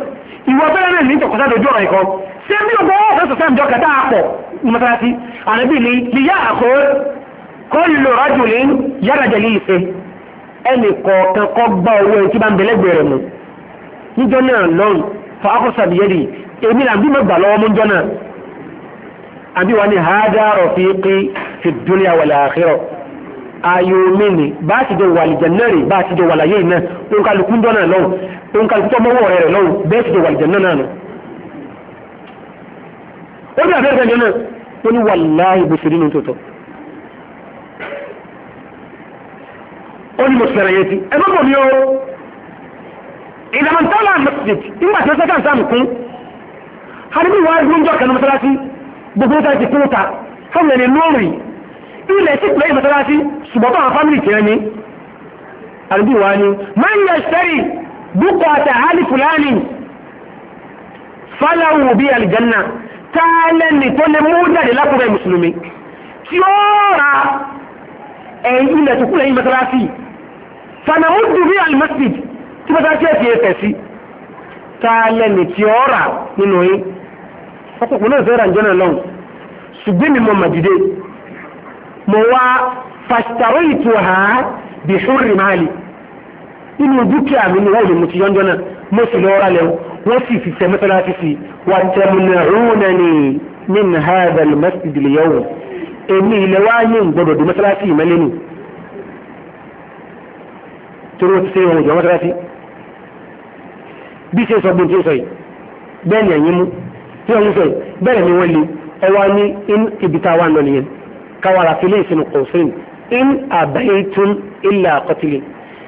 ìwọ bẹ́rẹ̀ náà ní ìtọ̀kọ̀sá dojú ọ̀rọ̀ ẹ̀kọ́ àtọ́sọ̀sọ́ ìjọ kẹta àpọ̀ mọ́sánásí ànábì ni lìyá àkó kó lò rájù lè yára jẹ̀lì ìfẹ́ ẹnì kọ̀ọ̀kan kọ́ gbá owó ẹni tí bá ń bẹ̀lẹ́gbẹ̀ rẹ̀ mú níjọ́ náà lọ́rùn fún akọ́sàbíyẹ́rì èmi là ń bí mẹ́gbà lọ́wọ́ mú níjọ́ náà àbí wa ni hádà rọ̀fíìkì fi dúnìá wal àkhírà ayò mẹ́ni bá ti ó ní àfẹ́ ìfẹ́ náà ó ní wàláhì ìbùsùn nínú tòótọ́ ó ní mo sẹ̀rẹ̀ yẹn ti ẹ bọ́ bọ̀ ní o ìlànà tọ́lá masjid nígbà tí ó sẹ́kà ń sáà kún harimu wa ní ìjọ kan mọ́sálásí gbogbo ìta ti kúrúta fún ẹni lórí ilẹ̀ sí pẹ̀lú mọ́sálásí ṣùgbọ́n àwọn fámìlì tí ẹni harimu wa ní máa ń yẹ sẹ́rì bukọ̀ àtàhálì fúlàní fáláwù bí alìjánná tààlẹ́nì tó lè mú jáde lápúrẹ̀ mùsùlùmí tí ó ra ẹ̀yìn ilẹ̀ tó kúrẹ̀ yìí mẹ́tàlásì sanamudu bí almasjid tí mẹ́tàlásì ẹ̀sì ẹ̀fẹ̀ sí tààlẹ́nì tí ó ra nínú yìí ọkùnkùn náà fẹ́ràn jọ́nà lọ́wọ́ ṣùgbọ́n mi mọ màdìde mo wá fàṣtàrọ̀ ìtò ha bí ṣúrì máa lè inú dúkìá mi ni wọ́n lè mú ti yọ́njọ́ náà mo sì lọ rálẹ̀ wọ́n sì fi tẹ̀ mẹ́tọ́lá ti fi wà tẹ̀mùnàrúnà ni min hadha al-masjid al-yawm èmi ilẹ̀ wá ní gbọdọ̀ di mẹ́tọ́lásì ìmẹ́lẹ́ nù torí ó ti ṣe ohun ìjọ mẹ́tọ́lásì bí ṣe sọ gbọ́n tí sọ yìí bẹ́ẹ̀ ni ẹ̀yìn mú tí ó ń sọ yìí bẹ́ẹ̀ ni wọ́n lè ọwá ní ibi tá a wà nìyẹn káwàrà fi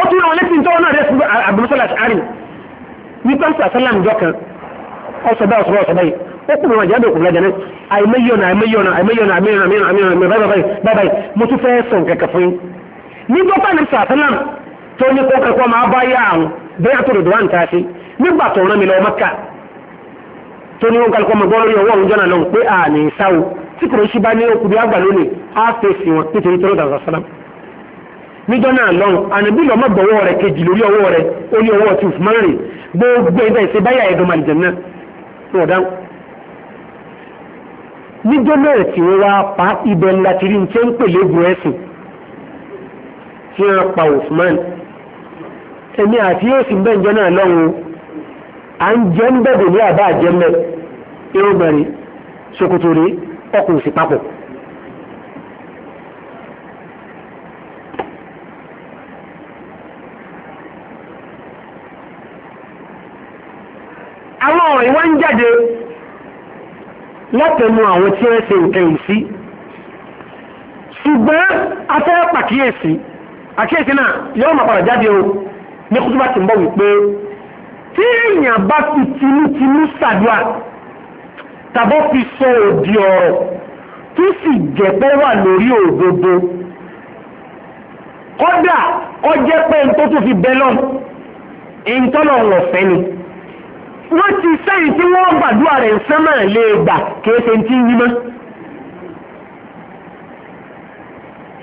ó tún àwọn lẹ́sìn tó náà rẹ̀ fún àbúrúsọ́lá àrí ní pẹ́ńsì àsálàm jọ́kan ọ̀sọ̀bá ọ̀sọ̀bá ọ̀sọ̀bá yìí ó kún àwọn àjáde òkun lẹ́jẹ̀ náà àìmẹ́yọ̀nà àìmẹ́yọ̀nà àìmẹ́yọ̀nà àmìrìn àmìrìn àmìrìn àmìrìn báyìí báyìí mo tún fẹ́ sọ̀n kẹ̀kẹ́ fún yín nígbà tó ní sàtánàm tó ní kó kẹ́kọ́ máa bá yá àwọn bẹ́ẹ̀ àtòrò dùwà ń ta sí nígbà tó rán mi lọ Mẹ́kà tó ní wọn kálukọ́ mọ̀ gbọ́ lórí ọwọ́ òunjọ́ náà lọ́n pé àní sáwò tí kò ní ṣí bá ní okùnrin àgbà lónìí á fèsì níjọ́ náà lọ́rùn ànàbí lọ́mọ gbọ́wọ́ rẹ̀ kejì lórí ọwọ́ rẹ̀ ó ní ọwọ́ tí usman rè gbogbo ẹgbẹ́ ìṣe báyà ẹ̀dọ́ màlìjẹ̀ náà wọ́n dáhùn. níjọ́ náà tí wọ́n wá pa ibẹ̀ ńlá tìrí ní ṣe ń pè léegun ẹ̀sìn tí wọ́n pa usman ẹ̀mí àti yóò sì bẹ́ẹ̀ níjọ́ náà lọ́rùn à ń ọkùnrin sì papọ̀. àwọn ọ̀rọ̀ ìwá ń jáde látẹnu àwọn tí wọ́n ṣe nǹkan yìí sí ṣùgbọ́n afẹ́ pàkíyèsí àkíyèsí náà yóò máa padà jáde o ní kútúbà tí ń bọ̀ wípé tí èèyàn bá fi tinútinú ṣàdúrà tàbọ́ fi sọ òdì ọ̀rọ̀ tó sì jẹ́ wà lórí òdodo kódà ó jẹ́ pé tó fi bẹ́ ìntọ́lọ̀ ọ̀fẹ́ ni wọ́n ti sẹ́yìn tí wọ́n gbàdúrà rẹ̀ sánmà lè gbà kìí ṣe ti ń yímọ́.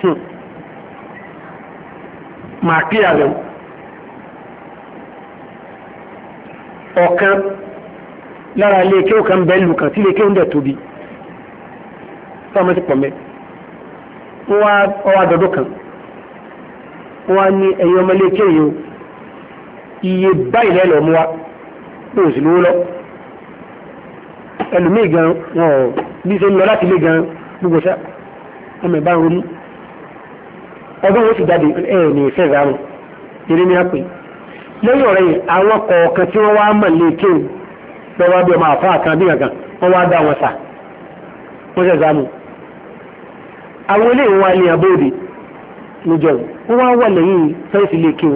Hmm. màá kí àlẹ́ ọ̀kan lára ilé kí ọ̀kan bẹ́ẹ̀ lù kàn tí ilé kí ó ń dẹ̀ tóbi fáwọn ti pọ̀ mẹ́ wọ́n wá dọ̀dọ̀ kan wọ́n á ní ẹ̀yin ọmọ ilé kí èyí o iye báyìí lẹ́lọ́ wa. pé òsì lówó lọ ẹlòmíì gan wọn ò bí ṣe ń lọ láti lé gan gbogbo sá ọmọ ìbá ronú ọdún wọn sì jáde ẹ ní ìfẹ́ ìránu eré ní àpè lẹ́yìn ọ̀rẹ́ yìí àwọn kọ̀ọ̀kan tí wọ́n wá mọ̀ lé lọ́wọ́ bí ọmọ kan bí gàngàn wọ́n wá dá wọn sà wọ́n ṣẹ̀ àwọn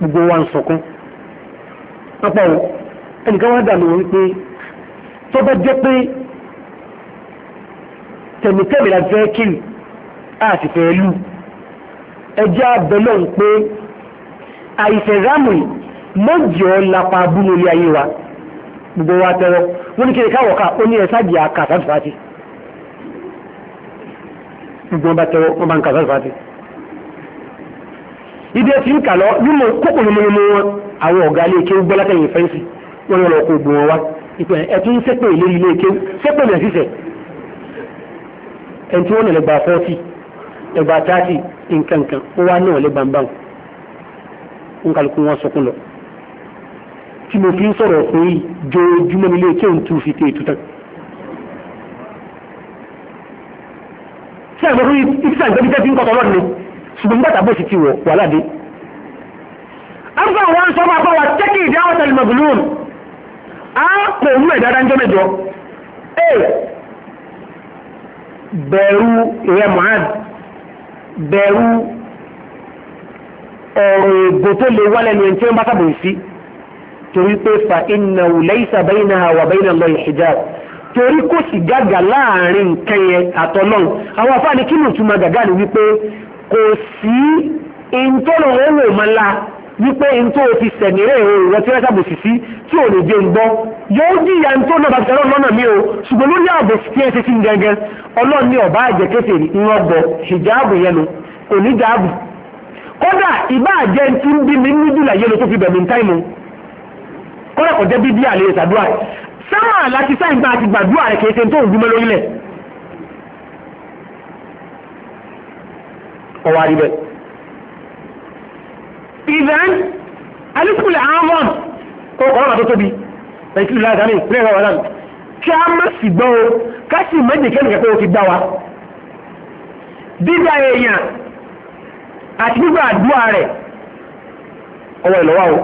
gbogbo wa ń ọ̀pọ̀ ẹnìkan wá dàmì wípé tó bá jẹ́ pé tẹ̀mítẹ̀mì la fẹ́ kiri a sì fẹ́ lù ẹjẹ́ abẹ́lẹ̀ ń pé àìsẹ̀rámù mọ́jì ọ́ lapa abúlé ilé ayé wa gbogbo wa tẹ́wọ́ wọ́n ní kiri káwọ̀ ká ó ní ẹ̀sájì àkà sáfìfàtì gbogbo bá tẹ́wọ́ wọ́n bá ń kà sáfìfàtì ìdí ẹ̀sìn kà lọ kókò lómọlómọ wọn àwọn ọ̀gá ilé kéwú gbọ́lákẹ̀yìn fẹ́ǹsì wọ́n yọ lọ kó gbọ́n wá ipò ẹ̀tún sẹ́pẹ̀ ìlérí ilé kéwú sẹ́pẹ̀ mẹ́ sísẹ̀ ẹni tí wọ́n nà lẹ́gbàá fọ́tì lẹ́gbàá tààtì nkankan ó wá náà lẹ́gbàá ń bá wọn nkàlùkù wọn sọkún lọ tí mo fi ń sọ̀rọ̀ fún yìí jọjúmọ́ nílé kéwú tó fi tẹ̀ ètò sí àgbẹ̀fọ́ yìí ti afọ àwọn sọ máa bá wa tẹ́kì ìdáwọ́ta ìmọ̀bùlùm a kò rú ẹ̀ dáadáa ń jẹ́ mẹ́jọ bẹ̀rù ìyẹ́ Mu'ad bẹ̀rù ọ̀rọ̀ ègbò tó lè wá lẹ́nu ẹ̀ntí ọmọ sábò sí torí pé fa inna laysa baynaha wa bayna Allahi hijab torí kò sì gàgà láàrin nǹkan yẹn àtọ́lọ́n àwọn afáàní kí ló túmọ̀ gàgà ni wípé kò sí ìtọ́lọ̀ owó mọ́lá wípé n tó fi sẹ̀mìrẹ́ ìwé ìwọ tí wọ́n ṣàbòsí sí tí ò lè jẹ́ ń e gbọ́ yóò díya n tó náà bá tẹ̀lọ́ lọ́nà mi o ṣùgbọ́n lórí ààbò tí ẹ ṣe sí gẹ́gẹ́ ọlọ́ọ̀ni ọ̀bá àjẹ́ kéfè ńlọ gbọ́ hijabu yẹn nu kò ní jaabu kódà ìbá àjẹ́ tí ń bí mi ní jùlọ yẹn ló tó fi bẹ̀mí táì kódà kò jẹ́ bí bí ìṣàdúrà sáà ìdán alíkùlẹ̀ àwọn kọ́kọ́rọ́ tó tóbi ìkìlú láàrín ìpínlẹ̀ ìrọ̀wà náà kí a má sì gbọ́ o ká sì méjì kẹ́lì kẹ́kẹ́ o ti dá wa dídá èèyàn àti gbígbà àdúrà rẹ̀ ọwọ́ ìlọ́wà o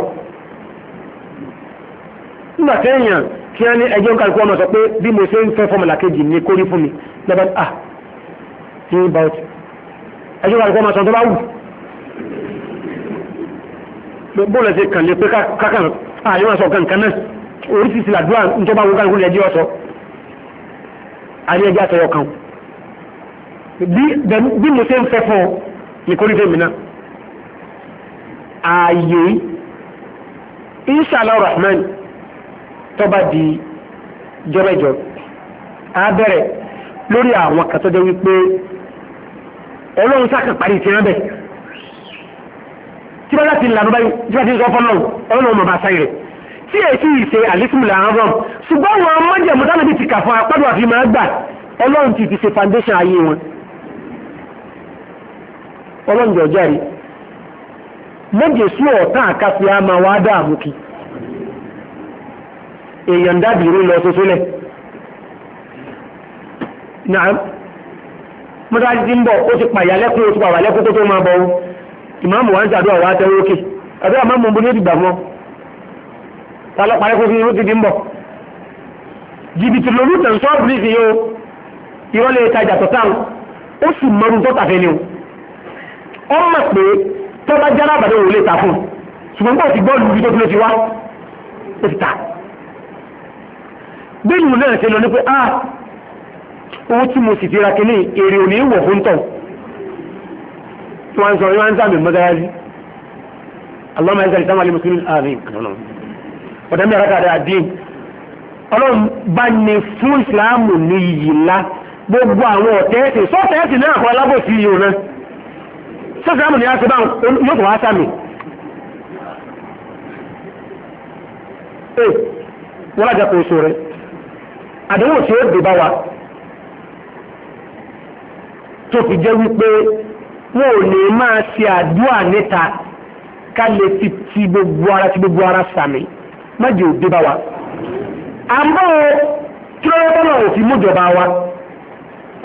nígbà kẹ́yàn kí a ní ẹjọ́ kàlùkù ọmọ sọ pé bí mo ṣe ń fẹ́ fọ́mùlà kejì ní kórí fún mi lọ́bẹ̀ ah ní bá ọtí ẹjọ́ kàlùkù ọmọ sọ tó bá wù bóòlù ẹ̀sẹ̀ kàn lè pé kákan àyè wọn sọ kankan náà oríṣiríṣi làdúrà nítorí àwọn kankan lẹ́jọ́ ọ̀sọ́ àyè ẹjẹ́ àtọyọ kan bí mo ṣe ń fẹ́ fún ọ ní kórìfẹ́ mi náà ààyè inshallah rahman tọ́ba di jọ́bẹ̀jọ́ a bẹ̀rẹ̀ lórí àwọn kàtọ́jọ́ wípé ọlọ́run sáà kan parí ìtìrán bẹ́ẹ̀. tí wọ́n láti lànà báyìí tí wọ́n ti sọ fọ́nà ọ̀nà ọmọ bá sáyẹ̀ tí èsì ìṣe àlékún là ń rọ̀ ṣùgbọ́n wọn mọ́jẹ̀mú dáná bíi ti kà fún apádùn àfi máa gbà ọlọ́run ti fi ṣe foundation ayé wọn ọlọ́run jọ jáde mọ́jẹ̀ sí ọ̀tá a máa wá dáàmú kí èèyàn dábìí lọ soso lẹ̀ náà ìmáàmù wa ń ṣàdúrà wa tẹ́wọ́ òkè ẹ̀fẹ́ àmọ́mù bó ní ìdìgbà fún ọ tálọ́ parí kó fi irú gidi ń bọ̀ jìbìtì lòlú tẹ̀ ń sọ́ bíríìsì yìí o ìwọ́n lè ta ìjà tọ̀tà ó sì mọ́rún tó tàfẹ́ ni o ó mọ̀ pé tó bá jára àbàdàn òun lè ta fún ṣùgbọ́n kó o ti gbọ́ lu ibi tó fi wá ó ti ta bẹ́ẹ̀ ni mo náà ṣe lọ ní pé ah owó tí mo sì fi ra kínní èrè ò ní fún tọ̀hún tí wọ́n ń sọ wọ́n ń sàmì mọ́gáyájú alọ́mọ ẹ̀sẹ̀ ìtàn wàlẹ̀ mùsùlùmí àárín ọ̀dọ́ mẹ́ra kàdé àdín ọlọ́run bá ní fún ìsìláàmù ní iyì ńlá gbogbo àwọn ọ̀tẹ́ẹ̀sì sọ́tẹ́ẹ̀sì náà kọ́ alábòsí wọn ò lè máa ṣe àdúrà níta ká lè fi ti gbogbo ara ti gbogbo ara sàmì májè òde bá wa. àmọ́ kí ló bá náà òfin mújọba wa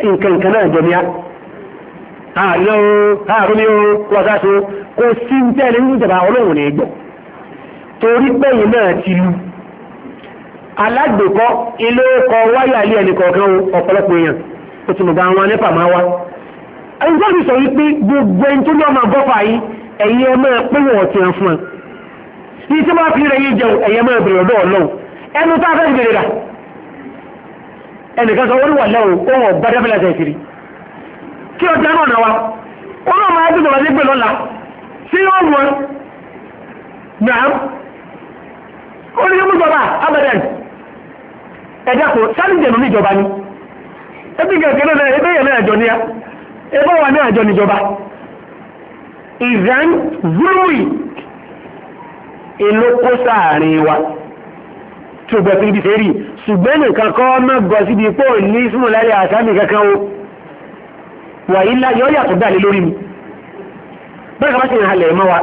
nǹkan nǹkan náà jẹ ní á. àlọ́ àrùn ni ó wọ́n sá so kò sí ń tẹ́lẹ̀ níjọba ọlọ́run ní gbọ́ torí pẹ́yìn náà ti lu alágbèkọ́ ilé ọkọ̀ wáyà ilé ẹnì kọ̀ọ̀kan ọ̀pọ̀lọpọ̀ èèyàn ó ti mọ̀ bá wọn nípa máa wá ẹni tó ti sọ yìí pé gbogbo ẹni tó ní ọmọ àgọ́fà yìí ẹ̀yin ẹ máa pé wọ́n ti hàn fún ẹ yìí tí wọ́n fi rẹ̀ yìí jẹun ẹ̀yin ẹ máa bèrè ọ̀dọ́ ọlọ́run ẹnu tá a fẹ́ bèrè rà ẹnìkan sọ wọ́n wà lẹ́wọ̀n ohun ọ̀gbá dábìlà ṣe kiri kí ọjà náà náà wa ó náà máa dùn lọ́wọ́ nígbè lọ́la sí yóò wọ́n náà ó ní mú jọba abadan ẹ̀dá kò sáré jẹ̀nu níjọba ni ẹbí gẹ̀ẹ́gẹ́ ẹgbẹ́ wa náà jọ níjọba ìzán zulwi ìlókó sáàrin wa tí ó gbẹ̀fẹ́ ibi fẹ́rí ṣùgbẹ́ nìkan kọ́ mẹ́gbọ́ síbi pò ní símúlẹ́rẹ̀ àsámi kankan o wà ilá yọ́ yàtọ̀ dà lé lórí mi bẹ́ẹ̀ kọ́ bá ṣe ìhàlẹ̀ mọ́ wa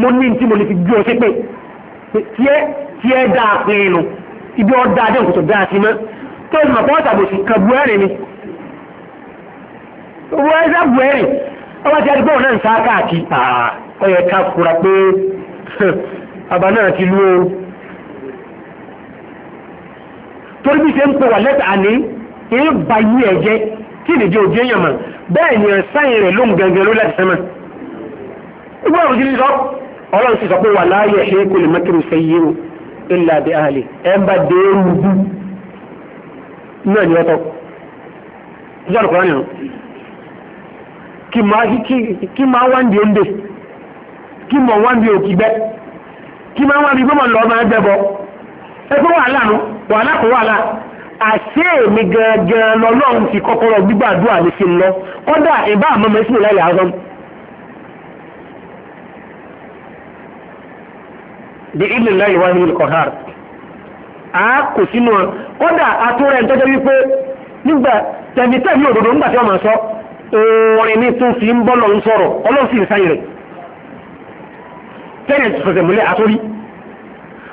mo ní tí mo lè fi owó ẹ́sàbù ẹ̀rìn ọba ti àdúgbò náà ń sá káàkiri ọyẹ ká kura pé àbá náà ti lú o torí bí ṣe ń pè wà lẹ́tà àní èyí bá yí ẹ̀jẹ̀ tí ìdíje òjì èèyàn mọ̀ bẹ́ẹ̀ ni ẹ̀sáyìn rẹ̀ ló ń gẹ̀gẹ̀ ló láti sẹ́mọ̀ ìgbà ìjọ́ àlùkò kí máa wá ní oúnjẹ kí mọ̀ wá ní òkìgbẹ́ kí máa wá ní gbọ́mọ̀ lọ ọmọ ẹgbẹ́ bọ́ ẹgbẹ́ wà láàánú wà láàkó wà láà àṣé èmi lọ́lọ́run ti kọ́kọ́rọ́ gbígbàdúrà ní sí lọ kọ́dà ìbá ilẹ̀ wá a kò sínú wọn kọ́dà atúrẹ́ ń tọ́jọ́ wípé nígbà orin ní tún fi ń bọ́lọ̀ ń sọ̀rọ̀ ọlọ́run sì ń sáyìn rẹ̀ tẹ́lẹ̀ sọ̀sẹ̀ múlẹ̀ àtórí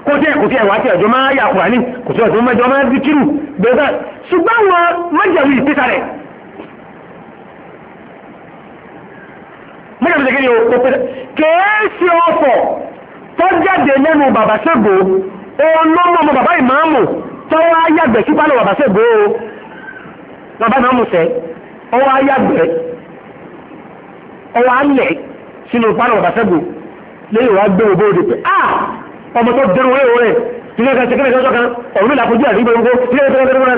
kó tí ẹ̀kùn tí ẹ̀wà tí ẹ̀jọ́ máa yà kùrà ní kò tí ẹ̀jọ́ mẹ́jọ máa díkìrù gbẹ̀gbẹ̀ ṣùgbọ́n wọn mọ́jẹ̀wì ìpẹ́ta rẹ̀ mọ́jẹ̀wì ìpẹ́ta rẹ̀ kèéṣe ọ̀fọ̀ tó jáde lẹ́nu bàbá ṣẹ́gbó olómọ ọmọ bàbá ìmáàmù tó wá yàgbẹ̀ sí pálọ̀ bàbá ṣẹ́gbó bàbá ìmáàmù sẹ́ ọwọ́ ayàgbẹ́ ọwọ́ alẹ̀ sínú ìpàdé ọ̀bà sẹ́gun lẹ́yìn wá gbé òbó òde pé a ọmọ tó dẹrù wẹ́ẹ̀ wẹ́ẹ̀ ilé kan ṣẹkẹ́rẹ́ ìjọ kan ọ̀run ìlà fojú àrí gbogbo ilé kan ṣẹkẹ́rẹ́ kan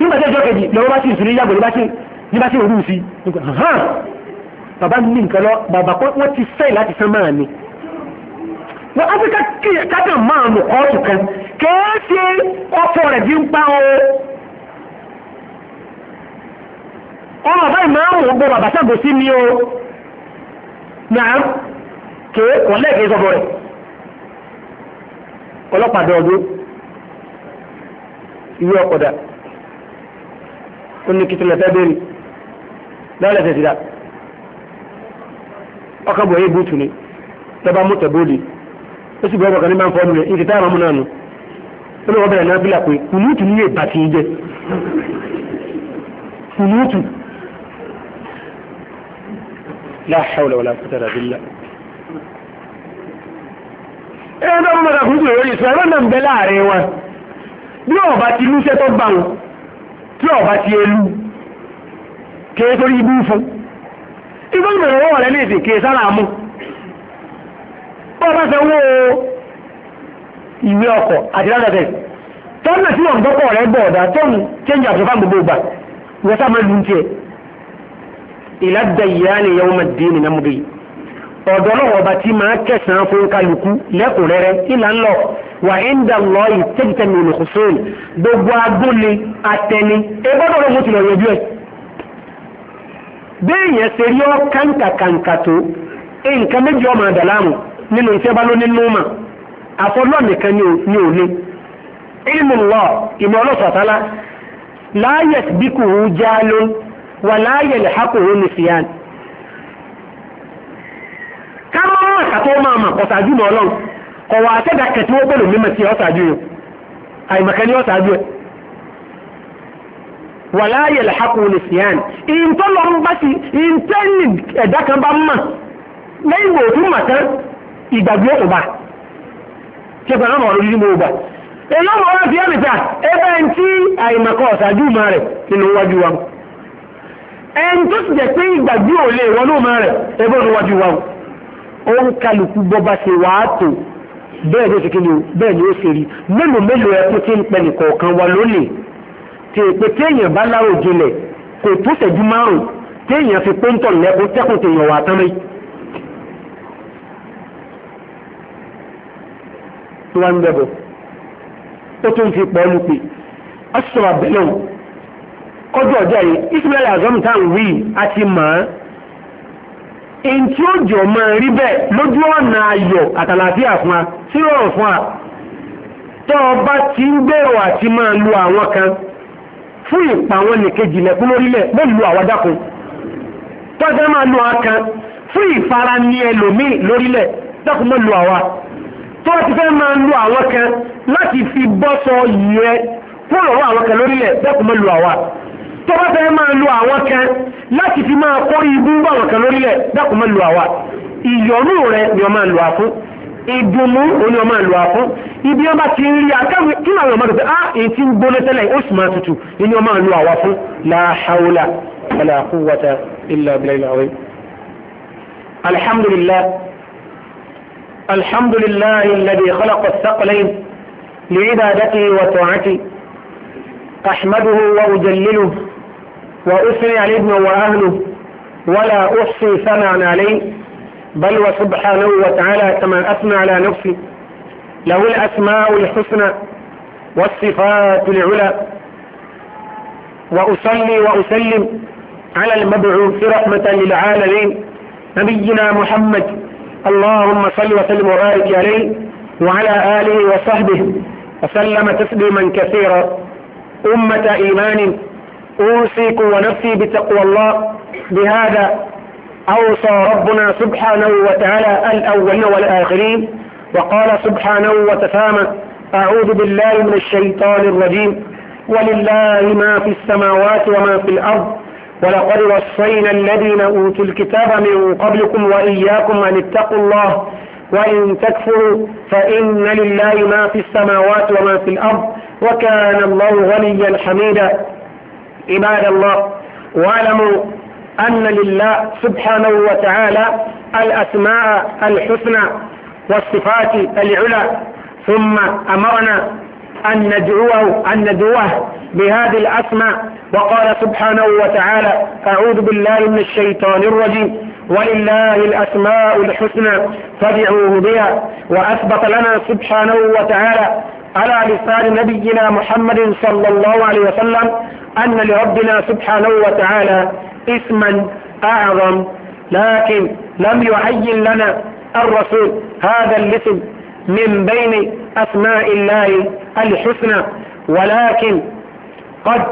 nígbà tí ìjọ kejì lọ́wọ́ bá sì ìṣúrí yàgbẹ́ ní bá sì òru sí bàbá ní nǹkan lọ bàbá pé wọ́n ti fẹ́ rẹ̀ bí ọmọ bá ìmáàmù gbogbo bàbá sàgbò sí mi o náà kéé wọ́n lẹ́ẹ̀kẹ́ sọ́bọ̀ rẹ̀ ọlọ́pàá dọ̀ọ́dún ìwé ọ̀pọ̀dà ó ní kìtìlẹ̀ fẹ́ bẹ́ẹ̀rì lọ́lẹ̀ tẹ̀sí dá ọkọ̀ bọ̀ yìí bùtù ni lọ́ba mú tẹ̀bọ́ọ̀lì ó sì bọ́ọ̀ bọ̀kan ní máa ń fọ́ọ̀mù rẹ̀ ìdí táwọn ọmọ náà nù ó lọ́wọ́ bẹ̀rẹ̀ náà bílà la hawla wala quwwata billah ẹ̀rọ tó mọ́ta fún ìwé ìsọ ẹ̀rọ náà ń bẹ láàrin wọn bí ọba ti lúṣẹ́ tó bá wọn tí ọba ti elú kéé torí ibú fún ìgbọ́n ìbẹ̀rẹ̀ wọ́n wà lẹ́lẹ́ èdè kéé sára mú bọ́ọ̀bá sẹ́wọ́ ìwé ọkọ̀ àti ládàtẹ̀ tọ́nà tí wọ́n ìlà dàyàní yawma ddin ní nàmúdì ọ̀dọ́ náà ọba tí máa kẹsàn-án fún kálukú lẹ́kùnrẹ́rẹ́ ìlà ńlọ wà inda Allahi tẹ́gìtẹ́mi olùkùsùn gbogbo agbóni atẹni ẹgbọ́dọ̀ ló mú ti lọ yọjú ẹ̀. bẹ́ẹ̀ yẹn ṣe rí ọ kàǹkàkàǹkà tó nǹkan méjì ọmọ àdàlámù nínú iṣẹ́ bá ló ní núùmà àfọlọ́ nìkan ní ilmu Allah ìmọ̀ ọlọ́sọ̀tálá láyẹ̀t bíkù jáálóhùn wàlá yẹlẹ̀ hákòó ní fìyàn ká má má kàtó máa mà ọ̀sàájú mọ́ ọlọ́run kọ̀ wà àtẹ́gà kẹtí wọ́n pẹ̀lú mímọ̀ tí ọ̀sàájú yìí àìmọ̀kẹ́ ní ọ̀sàájú ẹ̀ wàlá yẹlẹ̀ hákòó ní fìyàn ìntọ́lọ́ ń bá ti ìntẹ́ni ẹ̀dá kan bá mà lẹ́yìn wò tún ìgbàgbé ọ̀tọ̀ba tí ẹgbẹ̀rún ọmọ ọgbà ọ̀rọ̀ fi ẹ̀mìta ẹgbẹ́ ń tí ọ̀sàájú rẹ̀ nínú wájú wa ẹni tó sì jẹ́ pé ìgbàgbé ò lè wọ́n lóòmọ́ rẹ̀ ẹgbẹ́ olúwájú wa ó ń kálukú bọ́bá ṣe wà á tò bẹ́ẹ̀ ni ó ṣe kí ni bẹ́ẹ̀ ni ó ṣe rí mélòó mélòó ẹkún tí ń pẹ nìkọ̀ọ̀kan wa lónìí tí èpè tí èèyàn bá lárò jinlẹ̀ kò tó ṣẹ́jú márùn tí èèyàn fi péńtọ̀ lẹ́kún tẹ́kùn tí èèyàn wà tán rí. tí wọ́n ń bẹ̀bọ̀ ó tún fi pọ̀ ọ́ lùpì á sọ̀rọ̀ àbẹ̀lẹ̀ kọjú ọjọ́ yìí Ismail azam tá ń wí àti màá in tí ó jọ mọ́ rí bẹ́ẹ̀ lójú ọ̀nà ayọ̀ àtàlàfíà fún wa sí fún wa tó ọba ti ń gbèrò àti máa lu àwọn kan fún ìpa àwọn nìkejì lẹ́kún lórílẹ̀ mọ́ lu àwọn dákun tọ́jà máa lu àwọn kan fún ìfara ní ẹlòmíì lórílẹ̀ dákun mọ́ lu àwa tó ti fẹ́ máa lu àwọn kan láti fi bọ́sọ yẹ kúrò àwọn kan lórílẹ̀ dákun mọ́ lu àwa. tó bá fẹ́ máa lo àwọn kan láti fi máa kọ́ ibú bá àwọn kan lórílẹ̀ dákun máa lo àwa ìyọ̀nú rẹ ni wọ́n máa lo àfún ìdùnnú òní ọmọ ìlú àfún ibi ọba ti ń rí akẹ́wé kí làwọn ọmọ rẹ̀ ah èyí ti ń gbóná tẹ́lẹ̀ ó sì máa tutù ní ọmọ ìlú àwa fún la hawla wala quwwata illa وأثني على ابنه وأهله ولا أحصي ثمعا عليه بل وسبحانه وتعالى كما أثنى على نفسي له الأسماء الحسنى والصفات العلى وأصلي وأسلم على المبعوث رحمة للعالمين نبينا محمد اللهم صل وسلم وبارك عليه وعلى آله وصحبه وسلم تسليما كثيرا أمة إيمان أوصيك ونفسي بتقوى الله بهذا أوصى ربنا سبحانه وتعالى الأولين والآخرين وقال سبحانه وتسامى أعوذ بالله من الشيطان الرجيم ولله ما في السماوات وما في الأرض ولقد وصينا الذين أوتوا الكتاب من قبلكم وإياكم أن اتقوا الله وإن تكفروا فإن لله ما في السماوات وما في الأرض وكان الله غنيا حميدا عباد الله واعلموا أن لله سبحانه وتعالى الأسماء الحسنى والصفات العلى ثم أمرنا أن ندعوه أن ندعوه بهذه الأسماء وقال سبحانه وتعالى أعوذ بالله من الشيطان الرجيم ولله الأسماء الحسنى فادعوه بها وأثبت لنا سبحانه وتعالى على لسان نبينا محمد صلى الله عليه وسلم أن لربنا سبحانه وتعالى اسما أعظم لكن لم يعين لنا الرسول هذا الاسم من بين أسماء الله الحسنى ولكن قد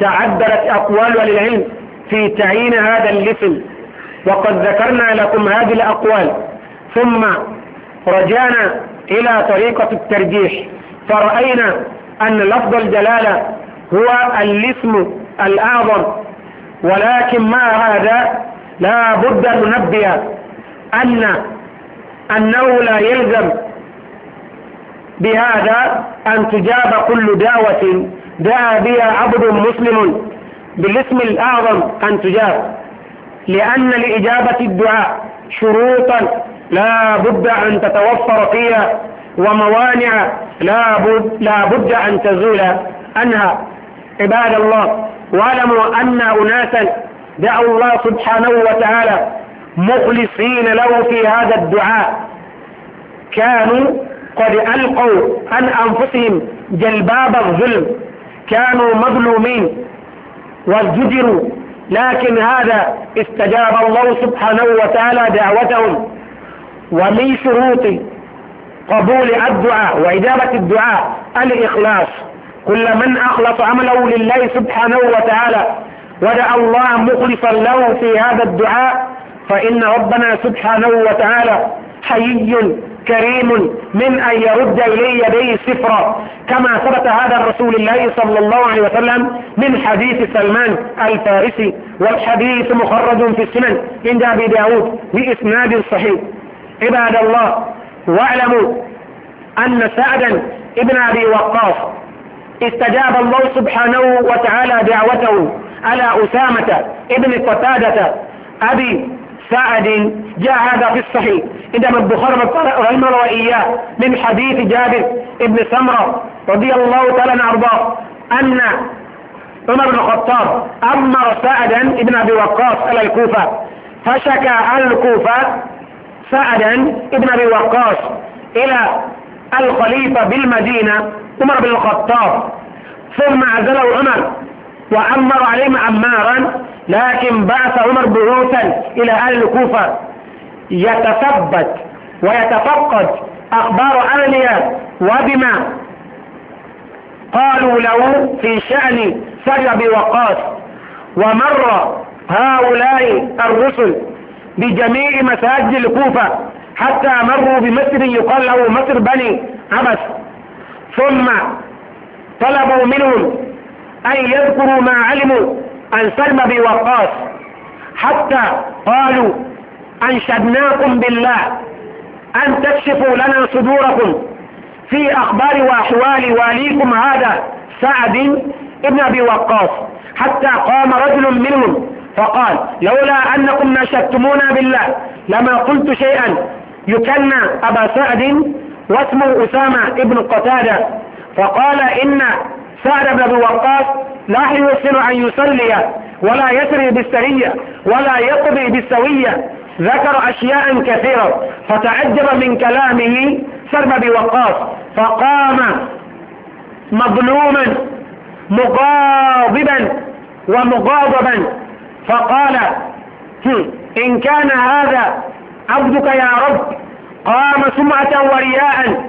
تعدلت أقوال للعلم في تعيين هذا الاسم وقد ذكرنا لكم هذه الأقوال ثم رجعنا إلى طريقة الترجيح فرأينا أن لفظ الجلالة هو الاسم الأعظم ولكن مع هذا لا بد أن ننبه أن أنه لا يلزم بهذا أن تجاب كل دعوة دعا بها عبد مسلم بالاسم الأعظم أن تجاب لأن لإجابة الدعاء شروطا لا بد أن تتوفر فيها وموانع لا بد, لا بد أن تزول عنها عباد الله واعلموا أن أناسا دعوا الله سبحانه وتعالى مخلصين له في هذا الدعاء كانوا قد ألقوا عن أنفسهم جلباب الظلم كانوا مظلومين وازدجروا لكن هذا استجاب الله سبحانه وتعالى دعوتهم ومن شروط قبول الدعاء وإجابة الدعاء الإخلاص كل من أخلص عمله لله سبحانه وتعالى ودعا الله مخلصا له في هذا الدعاء فإن ربنا سبحانه وتعالى حيي كريم من أن يرد إليه يديه سفرا كما ثبت هذا الرسول الله صلى الله عليه وسلم من حديث سلمان الفارسي والحديث مخرج في السنن عند أبي داود بإسناد صحيح عباد الله واعلموا أن سعدا ابن أبي وقاص استجاب الله سبحانه وتعالى دعوته على أسامة ابن قتادة أبي سعد جاء هذا في الصحيح عندما البخاري رحمه الله وإياه من حديث جابر ابن سمرة رضي الله تعالى عنه أرضاه أن عمر بن الخطاب أمر سعدا ابن أبي وقاص على الكوفة فشكى على الكوفة سعدا ابن أبي وقاص إلى الخليفة بالمدينة عمر بن الخطاب ثم عزله عمر وأمر عليهم عمارا لكن بعث عمر بعوثا إلى أهل الكوفة يتثبت ويتفقد أخبار أهلها وبما قالوا له في شأن سر بوقاص ومر هؤلاء الرسل بجميع مساجد الكوفة حتى مروا بمصر يقال له مصر بني عبس ثم طلبوا منهم أن يذكروا ما علموا عن سلم بن وقاص حتى قالوا أنشدناكم بالله أن تكشفوا لنا صدوركم في أخبار وأحوال واليكم هذا سعد ابن أبي وقاص حتى قام رجل منهم فقال لولا أنكم نشدتمونا بالله لما قلت شيئا يكنى أبا سعد واسمه أسامة ابن قتادة فقال إن سعد بن أبي وقاص لا يحسن أن يصلي ولا يسري بالسرية ولا يقضي بالسوية ذكر أشياء كثيرة فتعجب من كلامه سرب أبي وقاص فقام مظلوما مغاضبا ومغاضبا فقال إن كان هذا عبدك يا رب قام سمعة ورياء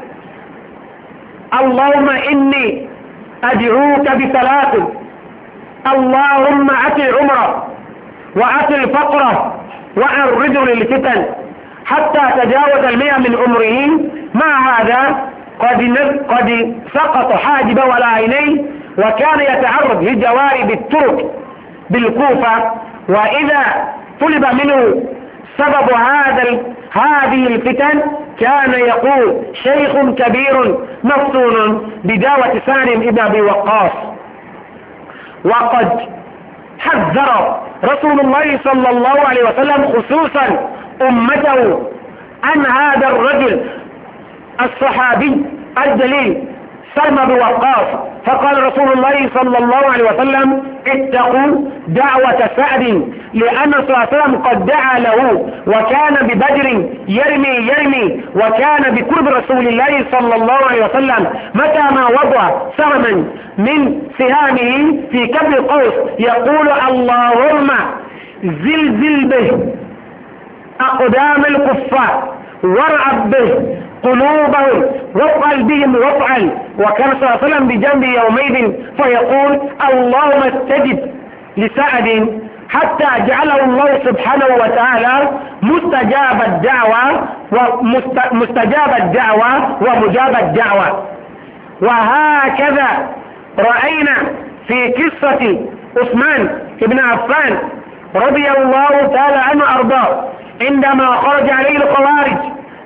اللهم إني أدعوك بثلاث اللهم أتي عمره وأتي الفقرة وأرد للفتن حتى تجاوز المئة من عمره مع هذا قد قد سقط حاجب ولا عينيه وكان يتعرض لجوارب الترك بالكوفة وإذا طلب منه سبب هذا هذه الفتن كان يقول شيخ كبير مفتون بدعوة سالم ابن أبي وقاص وقد حذر رسول الله صلى الله عليه وسلم خصوصا أمته عن هذا الرجل الصحابي الدليل سلمى وقاص فقال رسول الله صلى الله عليه وسلم اتقوا دعوة سعد لأن صلى الله عليه وسلم قد دعا له وكان ببدر يرمي يرمي وكان بقرب رسول الله صلى الله عليه وسلم متى ما وضع سرما من سهامه في كبر قوس يقول اللهم زلزل به أقدام الكفار وارعب به قلوبهم وافعل بهم وافعل وكان صلى الله عليه وسلم بجنبه يومئذ فيقول اللهم استجب لسعد حتى جعله الله سبحانه وتعالى مستجاب الدعوة ومستجاب الدعوة ومجاب الدعوة وهكذا رأينا في قصة عثمان بن عفان رضي الله تعالى عنه أرضاه عندما خرج عليه الخوارج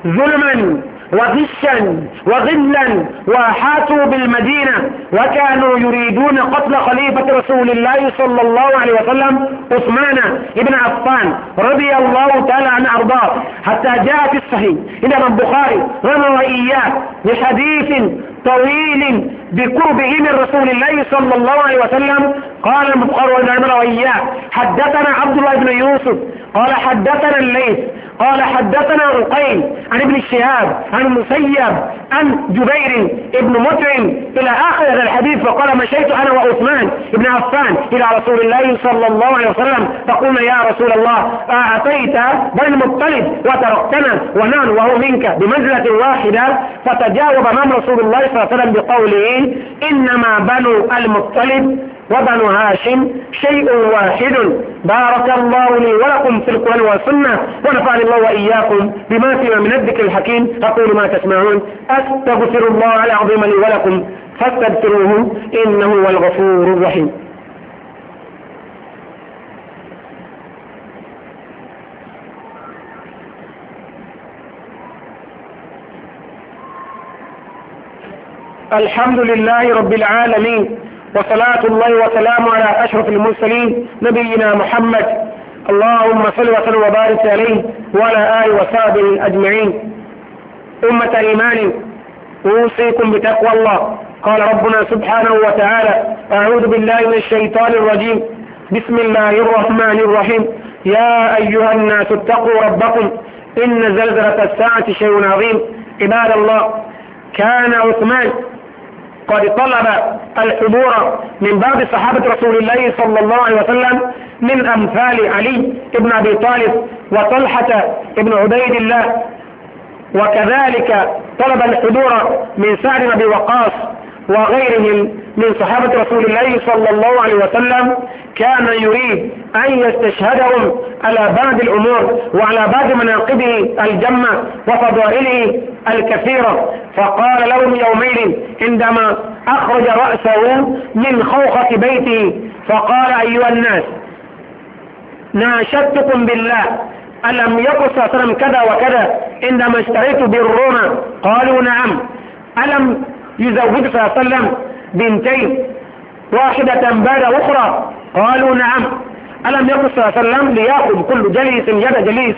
ظلما وغشا وغلا وحاتوا بالمدينة وكانوا يريدون قتل خليفة رسول الله صلى الله عليه وسلم عثمان بن عفان رضي الله تعالى عن أرضاه حتى جاء في الصحيح إلى من بخاري رمى إياه بحديث طويل بقربه من رسول الله صلى الله عليه وسلم قال المبخار والعمر وإياه حدثنا عبد الله بن يوسف قال حدثنا الليث قال حدثنا أقيل عن ابن الشهاب عن المسيب عن جبير ابن مطعم إلى آخر هذا الحديث فقال مشيت أنا وعثمان ابن عفان إلى رسول الله صلى الله عليه وسلم فقلنا يا رسول الله أعطيت بني المطلب وتركتنا ونحن وهو منك بمنزلة واحدة فتجاوب أمام رسول الله صلى الله عليه وسلم بقوله إنما بنو المطلب وبن هاشم شيء واحد بارك الله لي ولكم في القرآن والسنة ونفعني الله وإياكم بما فيما من الذكر الحكيم أقول ما تسمعون أستغفر الله العظيم لي ولكم فاستغفروه إنه هو الغفور الرحيم الحمد لله رب العالمين وصلاة الله وسلامه على أشرف المرسلين نبينا محمد اللهم صل وسلم وبارك عليه وعلى آله وصحبه أجمعين أمة إيمان أوصيكم بتقوى الله قال ربنا سبحانه وتعالى أعوذ بالله من الشيطان الرجيم بسم الله الرحمن الرحيم يا أيها الناس اتقوا ربكم إن زلزلة الساعة شيء عظيم عباد الله كان عثمان قد طلب الحضور من بعض صحابة رسول الله صلى الله عليه وسلم من أمثال علي بن أبي طالب وطلحة بن عبيد الله وكذلك طلب الحضور من سعد بن وقاص وغيرهم من صحابة رسول الله صلى الله عليه وسلم كان يريد أن يستشهدهم على بعض الأمور وعلى بعض مناقبه الجمة وفضائله الكثيرة فقال لهم يومين عندما أخرج رأسه من خوخة بيته فقال أيها الناس ناشدتكم بالله ألم يقل صلى الله عليه وسلم كذا وكذا عندما اشتريت بالروما قالوا نعم ألم يزوج صلى الله عليه وسلم بنتين واحدة بعد أخرى قالوا نعم ألم يقل صلى الله عليه وسلم ليأخذ كل جليس يد جليس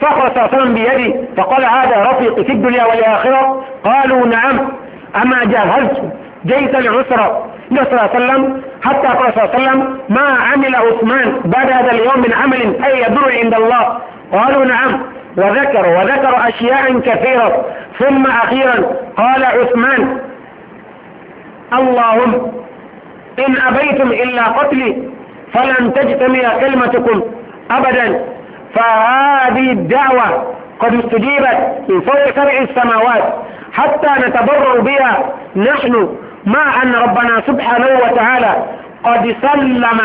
فأخذ صلى الله عليه وسلم بيدي فقال هذا رفيقي في الدنيا والآخرة قالوا نعم أما جهزت جيش العسرة صلى الله عليه وسلم حتى قال صلى الله عليه وسلم ما عمل عثمان بعد هذا اليوم من عمل أي يدر عند الله قالوا نعم وذكر وذكر أشياء كثيرة ثم أخيرا قال عثمان اللهم إن أبيتم إلا قتلي فلن تجتمع كلمتكم أبدا فهذه الدعوة قد استجيبت من فوق سبع السماوات حتى نتبرر بها نحن مع أن ربنا سبحانه وتعالى قد سلم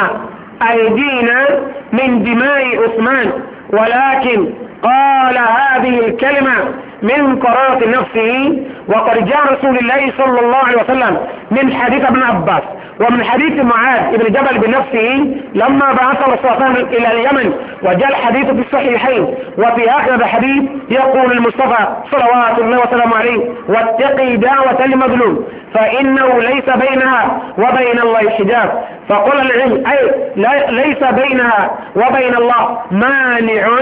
أيدينا من دماء عثمان ولكن قال هذه الكلمة من قرارة نفسه وقد جاء رسول الله صلى الله عليه وسلم من حديث ابن عباس ومن حديث معاذ بن جبل بنفسه لما بعث الرسول إلى اليمن وجاء الحديث في الصحيحين وفي آخر الحديث يقول المصطفى صلوات الله وسلامه عليه واتقي دعوة المظلوم فإنه ليس بينها وبين الله حجاب فقل العلم أي ليس بينها وبين الله مانع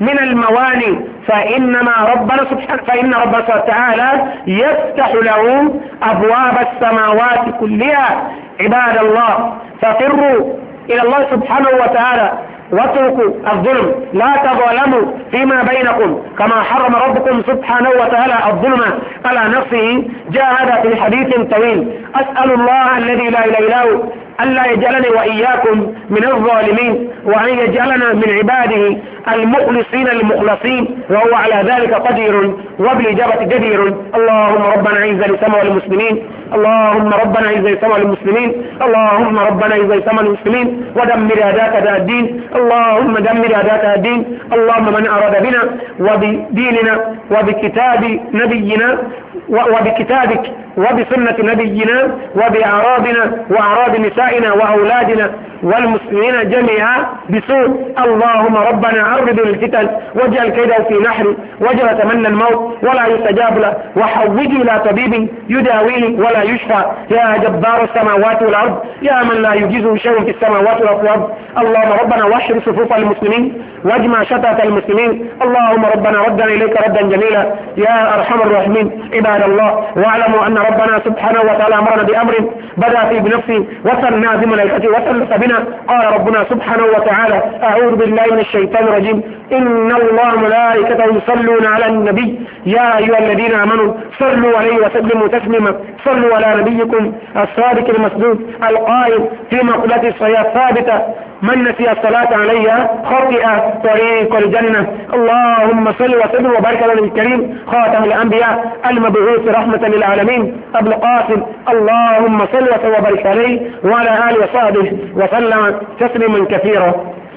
من المواني فإنما ربنا سبحانه فإن ربك تعالى يفتح له أبواب السماوات كلها عباد الله ففروا إلى الله سبحانه وتعالى واتركوا الظلم لا تظالموا فيما بينكم كما حرم ربكم سبحانه وتعالى الظلم على نفسه جاء هذا في حديث طويل أسأل الله الذي لا إله إلا هو ألا يجعلني وإياكم من الظالمين وأن يجعلنا من عباده المخلصين المخلصين وهو على ذلك قدير وبالإجابة جدير اللهم ربنا عز لسمع المسلمين اللهم ربنا عز لسمع المسلمين اللهم ربنا عز لسمع المسلمين ودمر أداك ذا الدين اللهم دمر أداك ذا الدين اللهم من أراد بنا وبديننا وبكتاب نبينا وبكتابك وبسنة نبينا وبأعراضنا وأعراض نسائنا ونسائنا وأولادنا والمسلمين جميعا بسوء اللهم ربنا عرض الفتن واجعل كيده في نحر واجعل تمنى الموت ولا يستجاب له وحوج إلى طبيب يداويه ولا يشفى يا جبار السماوات والأرض يا من لا يجيزه شيء في السماوات والأرض اللهم ربنا واحشر صفوف المسلمين واجمع شتات المسلمين اللهم ربنا ردنا إليك ردا جميلا يا أرحم الراحمين عباد الله واعلموا أن ربنا سبحانه وتعالى أمرنا بأمر بدأ في بنفسه وصل الناس بملائكته وثلث بنا قال ربنا سبحانه وتعالى أعوذ بالله من الشيطان الرجيم إن الله ملائكته يصلون على النبي يا أيها الذين آمنوا صلوا عليه وسلموا تسليما صلوا على نبيكم الصادق المسدود القائم في مقلة الصحيحة الثابتة من نسي الصلاة علي خطئ طريق الجنة اللهم صل وسلم وبارك على الكريم خاتم الأنبياء المبعوث رحمة للعالمين أبو القاسم اللهم صل وسلم وبارك عليه وعلى آله وصحبه وسلم تسليما كثيرا